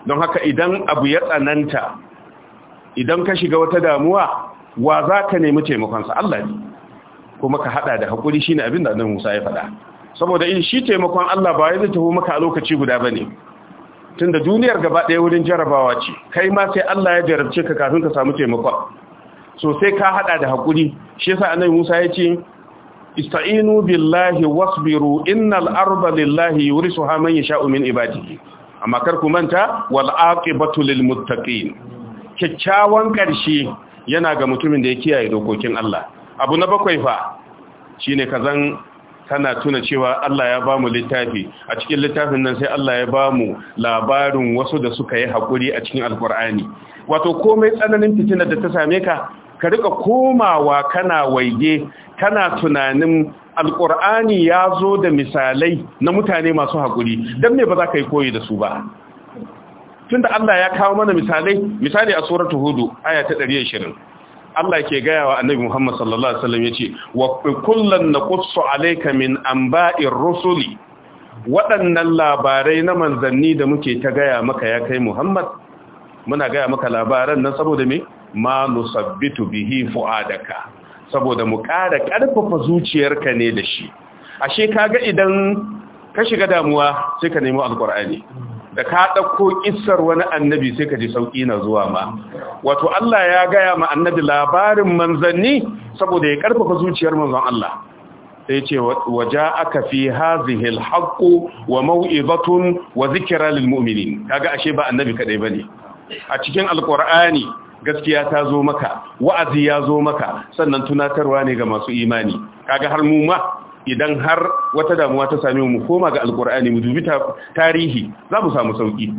don haka idan abu ya tsananta idan ka shiga wata damuwa wa za ka nemi taimakon sa Allah ne kuma ka hada da hakuri shine abin da annabi Musa ya faɗa saboda in shi taimakon Allah ba ya zai taho maka a lokaci guda bane tunda duniyar gaba ɗaya wurin jarabawa ce kai ma sai Allah ya jarabce ka kafin ka samu taimakon so sai ka hada da hakuri shi yasa annabi Musa ya ce ista'inu billahi wasbiru innal arda lillahi yurisuha man yasha'u min ibadihi amma kar ku manta wal aqibatu lil muttaqin kikkiawan karshe yana ga mutumin da ya kiyaye dokokin Allah abu na bakwai fa shine kazan tana tuna cewa Allah ya ba mu littafi a cikin littafin nan sai Allah ya ba mu labarin wasu da suka yi haƙuri a cikin Alƙur'ani. wato komai tsananin fitinar da ta same ka ka rika komawa kana waige kana tunanin Alƙur'ani ya zo da misalai na mutane masu haƙuri don me ba za ka yi koyi da su ba tunda Allah ya kawo mana misalai misali a suratu hudu aya ta 120 Allah ke gaya wa annabi Muhammad sallallahu alaihi wasallam yace wa kullan naqussu alayka min anba'ir rusuli waɗannan labarai na manzanni da muke ta gaya maka ya kai Muhammad muna gaya maka labaran nan saboda me ma nusabbitu bihi fuadaka saboda mu ƙara ƙarfafa zuciyarka ne da shi ashe kaga idan ka shiga damuwa sai ka nemi alqur'ani da ka ɗauko isar wani annabi sai ka ji sauƙi na zuwa ma wato Allah ya gaya ma annabi labarin manzanni saboda ya ƙarfafa zuciyar manzon Allah sai ce waje aka fi hazihi alhaqu wa mau'izatun wa zikra lil mu'minin kaga ashe ba annabi kadai bane a cikin alqur'ani gaskiya ta zo maka wa'azi ya zo maka sannan tunatarwa ne ga masu imani kaga har mu ma idan har wata damuwa ta sami mu koma ga alkur'ani mu dubi tarihi za mu samu sauki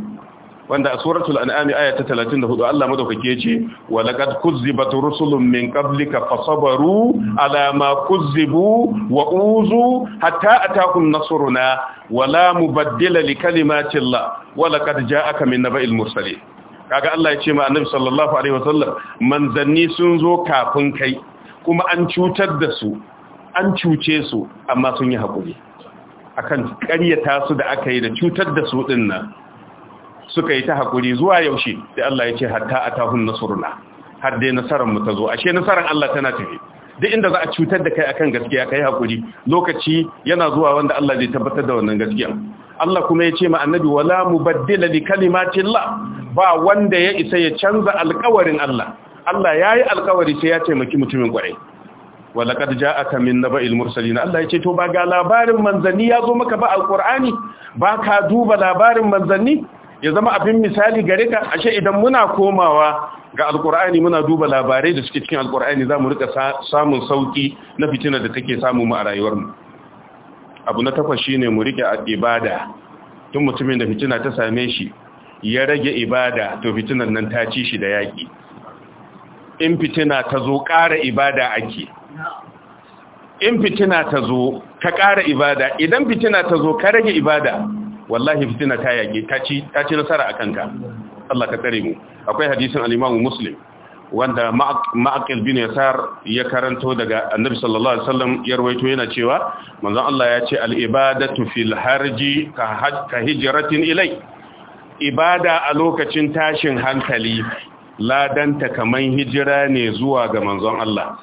wanda a suratul an'ami aya ta 34 Allah madaukake yace wa laqad kuzzibat rusulun min qablika fasabaru ala ma kuzzibu wa uzu hatta atakum nasruna wa la mubaddila li kalimati Allah wa laqad ja'aka min naba'il mursalin kaga Allah ce ma annabi sallallahu alaihi wasallam manzanni sun zo kafin kai kuma an cutar da su an cuce su amma sun yi haƙuri kan ƙaryata su da aka yi da cutar da su ɗin nan suka yi ta haƙuri zuwa yaushe da Allah ya ce hatta a tahun nasuruna har dai nasararmu ta zo ashe nasarar Allah tana tafi duk inda za a cutar da kai akan gaskiya kai haƙuri lokaci yana zuwa wanda Allah zai tabbatar da wannan gaskiya Allah kuma ya ce ma annabi wala mubaddila li kalimatillah ba wanda ya isa ya canza alƙawarin Allah Allah yayi alƙawari sai ya taimaki mutumin kwarai walaqad ja'aka min naba'il mursalin Allah ce to ba ga labarin manzanni zo maka ba alqur'ani ba ka duba labarin manzanni ya zama abin misali gare ka ashe idan muna komawa ga alqur'ani muna duba labarai da suke cikin alqur'ani zamu rika samun sauki na fitina da take samu mu a rayuwar mu abu na takwas shine mu rike ibada tun mutumin da fitina ta same shi ya rage ibada to fitinan nan ta ci shi da yaki in fitina ta zo ƙara ibada ake in fitina ta zo ka ƙara ibada idan fitina ta zo ka rage ibada wallahi fitina ta yage ta ci nasara a kanka Allah ka tsare mu akwai hadisin al-Imam Muslim wanda ma'aqil bin yasar ya karanto daga annabi sallallahu alaihi wasallam ya rawaito yana cewa manzon Allah ya ce al-ibadatu fil harji ka hajj hijratin ilai ibada a lokacin tashin hankali ladanta kaman hijira ne zuwa ga manzon Allah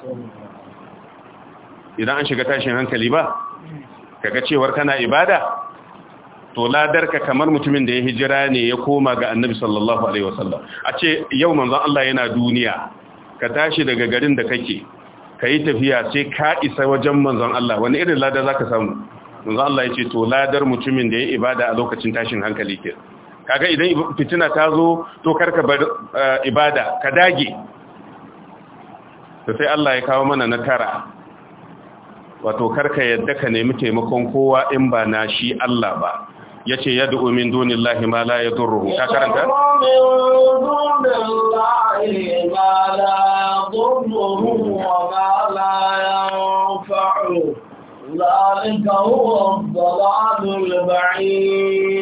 idan an shiga tashin hankali ba kaga cewar kana ibada to ladarka kamar mutumin da ya hijira ne ya koma ga annabi sallallahu alaihi wasallam a ce yau manzon Allah yana duniya ka tashi daga garin da kake ka tafiya sai ka isa wajen manzon Allah wani irin ladar zaka samu manzon Allah yace to ladar mutumin da ya ibada a lokacin tashin hankali ke kaga idan fitina ta zo to karka bar eh, ibada ka dage sai Allah ya kawo mana na tara wato karka yadda ka nemi taimakon kowa in ba na shi Allah ba yace yad'u min Allahi ma la yadurruhu ka karanta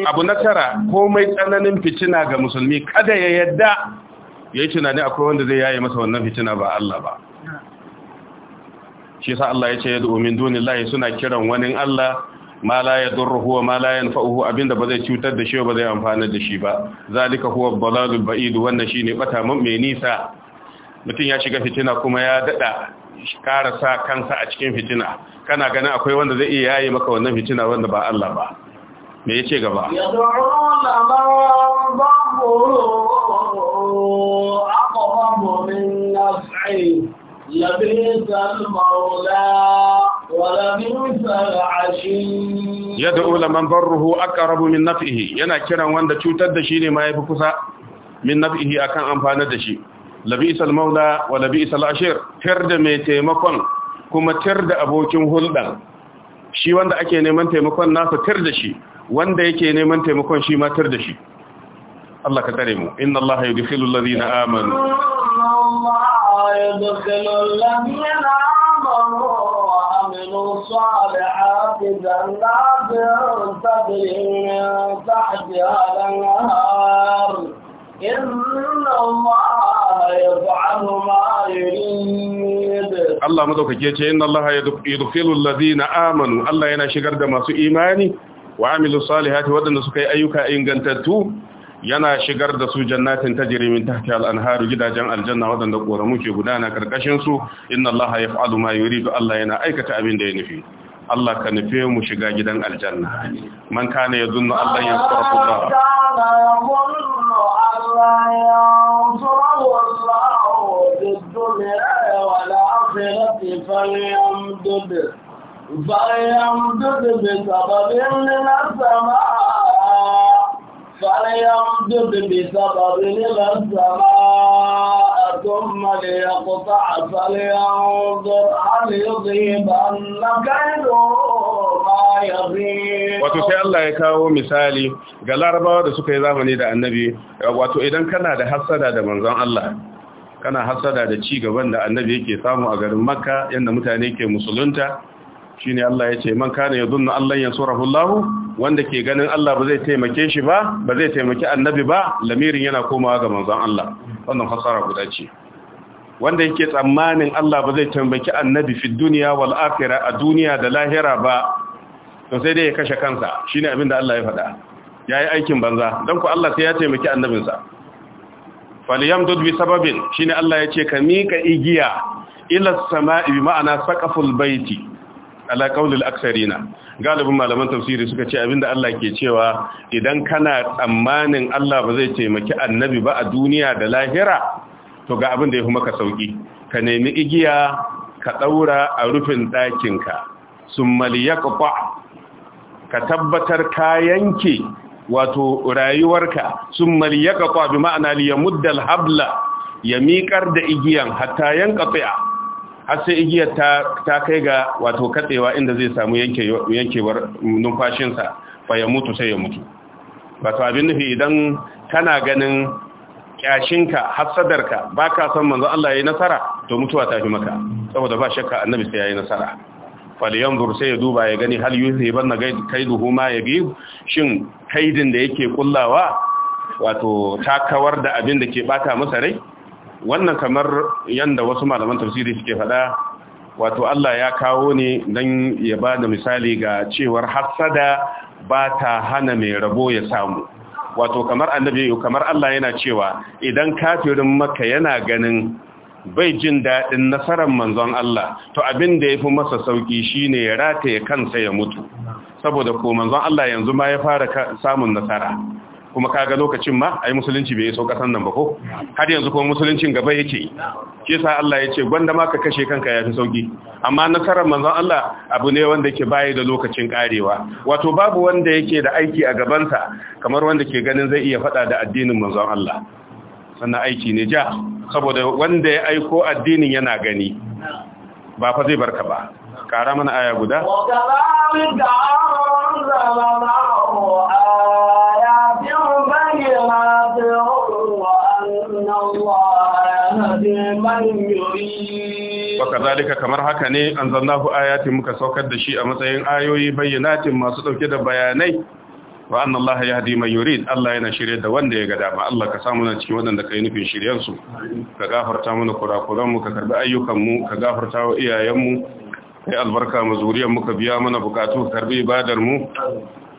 abu na tara komai tsananin fitina ga musulmi kada ya yadda ya yi tunani akwai wanda zai yaye masa wannan fitina ba Allah ba shi sa Allah ya ce ya dumin duni lahi suna kiran wani Allah ma la yadurruhu wa ma la yanfa'uhu abinda ba zai cutar da shi ba zai amfana da shi ba zalika huwa ad-dalalul ba'id wannan shine bata mai nisa mutum ya shiga fitina kuma ya dada kara sa kansa a cikin fitina kana ganin akwai wanda zai iya yayi maka wannan fitina wanda ba Allah ba me yace gaba yadurruna Yadda المولى ولبئس العشير يدعو لمن ضره أقرب من نفعه ينا كيرا واندا تشوتر دشي ne ma ya fi kusa min naf'ihi akan amfanar da shi labisa Maula wa labisa Ashir, tar da mai taimakon kuma tir da abokin hulɗan shi wanda ake neman taimakon nasa tir da shi wanda yake neman taimakon shi ma tir da shi Allah ka tare mu inna Allah yudkhilu alladhina amanu ويدخل الذين آمنوا وعملوا الصالحات جنات تجري من تحتها الأنهار إن الله يفعل ما يريد الله مدوكك يجي إن الله يدخل الذين آمنوا الله ينا شكر دماسو إيماني وعملوا الصالحات ودن سكي أيوكا إنغنتتو yana shigar da su jannatin tajri min tahti al-anharu gidajen aljanna wadanda koramu ke gudana karkashin su inna allaha yaf'alu ma yuridu allah yana aikata abin da ya nufi Allah ka nufe mu shiga gidan aljanna man kana yadhunnu Allah yansurahu allah فليمدد بسبب من السماء فليمدد بسبب إلى السماء ثم ليقطع فلينظر هل كيده ما wato sai Allah ya kawo misali ga larabawa da suka yi zamani da annabi wato idan kana da hasada da manzon Allah kana hassada da ci gaban da annabi yake samu a garin makka yadda mutane ke musulunta shine Allah ya ce man kana yadhunnu Allah yansurahu wanda ke ganin Allah ba zai taimake shi ba ba zai taimake annabi ba lamirin yana komawa ga manzan Allah wannan fasara guda ce wanda yake tsammanin Allah ba zai taimaki annabi fi duniya wal akhirah a duniya da lahira ba to sai dai ya kashe kansa shine abin da Allah ya faɗa yi aikin banza dan ku Allah sai ya taimaki annabinsa falyamdud bi sababin shine Allah ya ce ka mika igiya ila sama'i ma'ana saqaful baiti ala qaulil aksarina galibin malaman tafsiri suka ce abinda Allah ke cewa idan kana tsammanin Allah ba zai taimaki annabi ba a duniya da lahira to ga abin da fi maka sauki ka nemi igiya ka daura a rufin ɗakinka summal yaqta ka tabbatar ka yanke wato rayuwarka summal yaqta bi ma'ana li yamuddal habla ya miƙar da igiyan hatta yanqata har sai igiyar ta kai ga wato katsewa inda zai samu yankewar numfashinsa fa ya mutu sai ya mutu to abin nufi idan kana ganin kyashinka hasadarka baka ka san manzo Allah ya yi nasara to mutuwa ta fi maka saboda ba shakka annabi sai ya yi nasara yanzur sai ya duba ya gani hal yuziban na kaiduhu ma yagib shin kaidin da yake kullawa wato ta kawar da abin da ke bata masa rai wannan kamar yanda wasu malaman tafsiri suke faɗa wato Allah ya kawo ne don ya bada misali ga cewar hassada ba ta hana mai rabo ya samu wato kamar annabi kamar Allah yana cewa idan kafirin maka yana ganin bai jin daɗin nasarar manzon Allah to abin da ya fi masa sauƙi shine ya rataye kansa ya mutu saboda ko manzon Allah yanzu ma ya fara samun nasara kuma ka ga lokacin ma ai musulunci bai so kasan nan ba ko har yanzu kuma musuluncin gaba yake shi sa Allah yace gwanda ma ka kashe kanka yafi sauki amma nasarar manzon Allah abu ne wanda yake bayi da lokacin karewa wato babu wanda yake da aiki a gabansa kamar wanda ke ganin zai iya fada da addinin manzon Allah sannan aiki ne ja saboda wanda ya aiko addinin yana gani ba fa zai barka ba kara mana aya guda تابعوا kamar haka ne an zannahu ayatin muka saukar da shi a matsayin ayoyi bayyanatin masu dauke da bayanai wa anna Allah yahdi man yurid Allah yana shirye da wanda ya gada ma Allah ka samu na cikin wadanda kai nufin shiryansu. su ka gafarta mana kurakuran mu ka karbi ayyukan mu ka gafarta wa iyayen mu kai albarka mu zuriyar mu ka biya mana bukatu karbi ibadar mu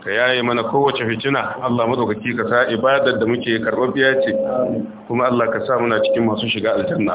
ka yaye mana kowace fitina Allah madaukaki ka sa ibadar da muke karɓar biya ce kuma Allah ka sa muna cikin masu shiga aljanna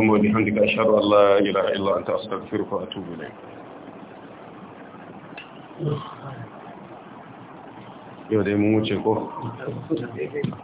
اللهم وبحمدك أشهد أن لا إله إلا أنت أستغفرك وأتوب إليك yau dai mun wuce ko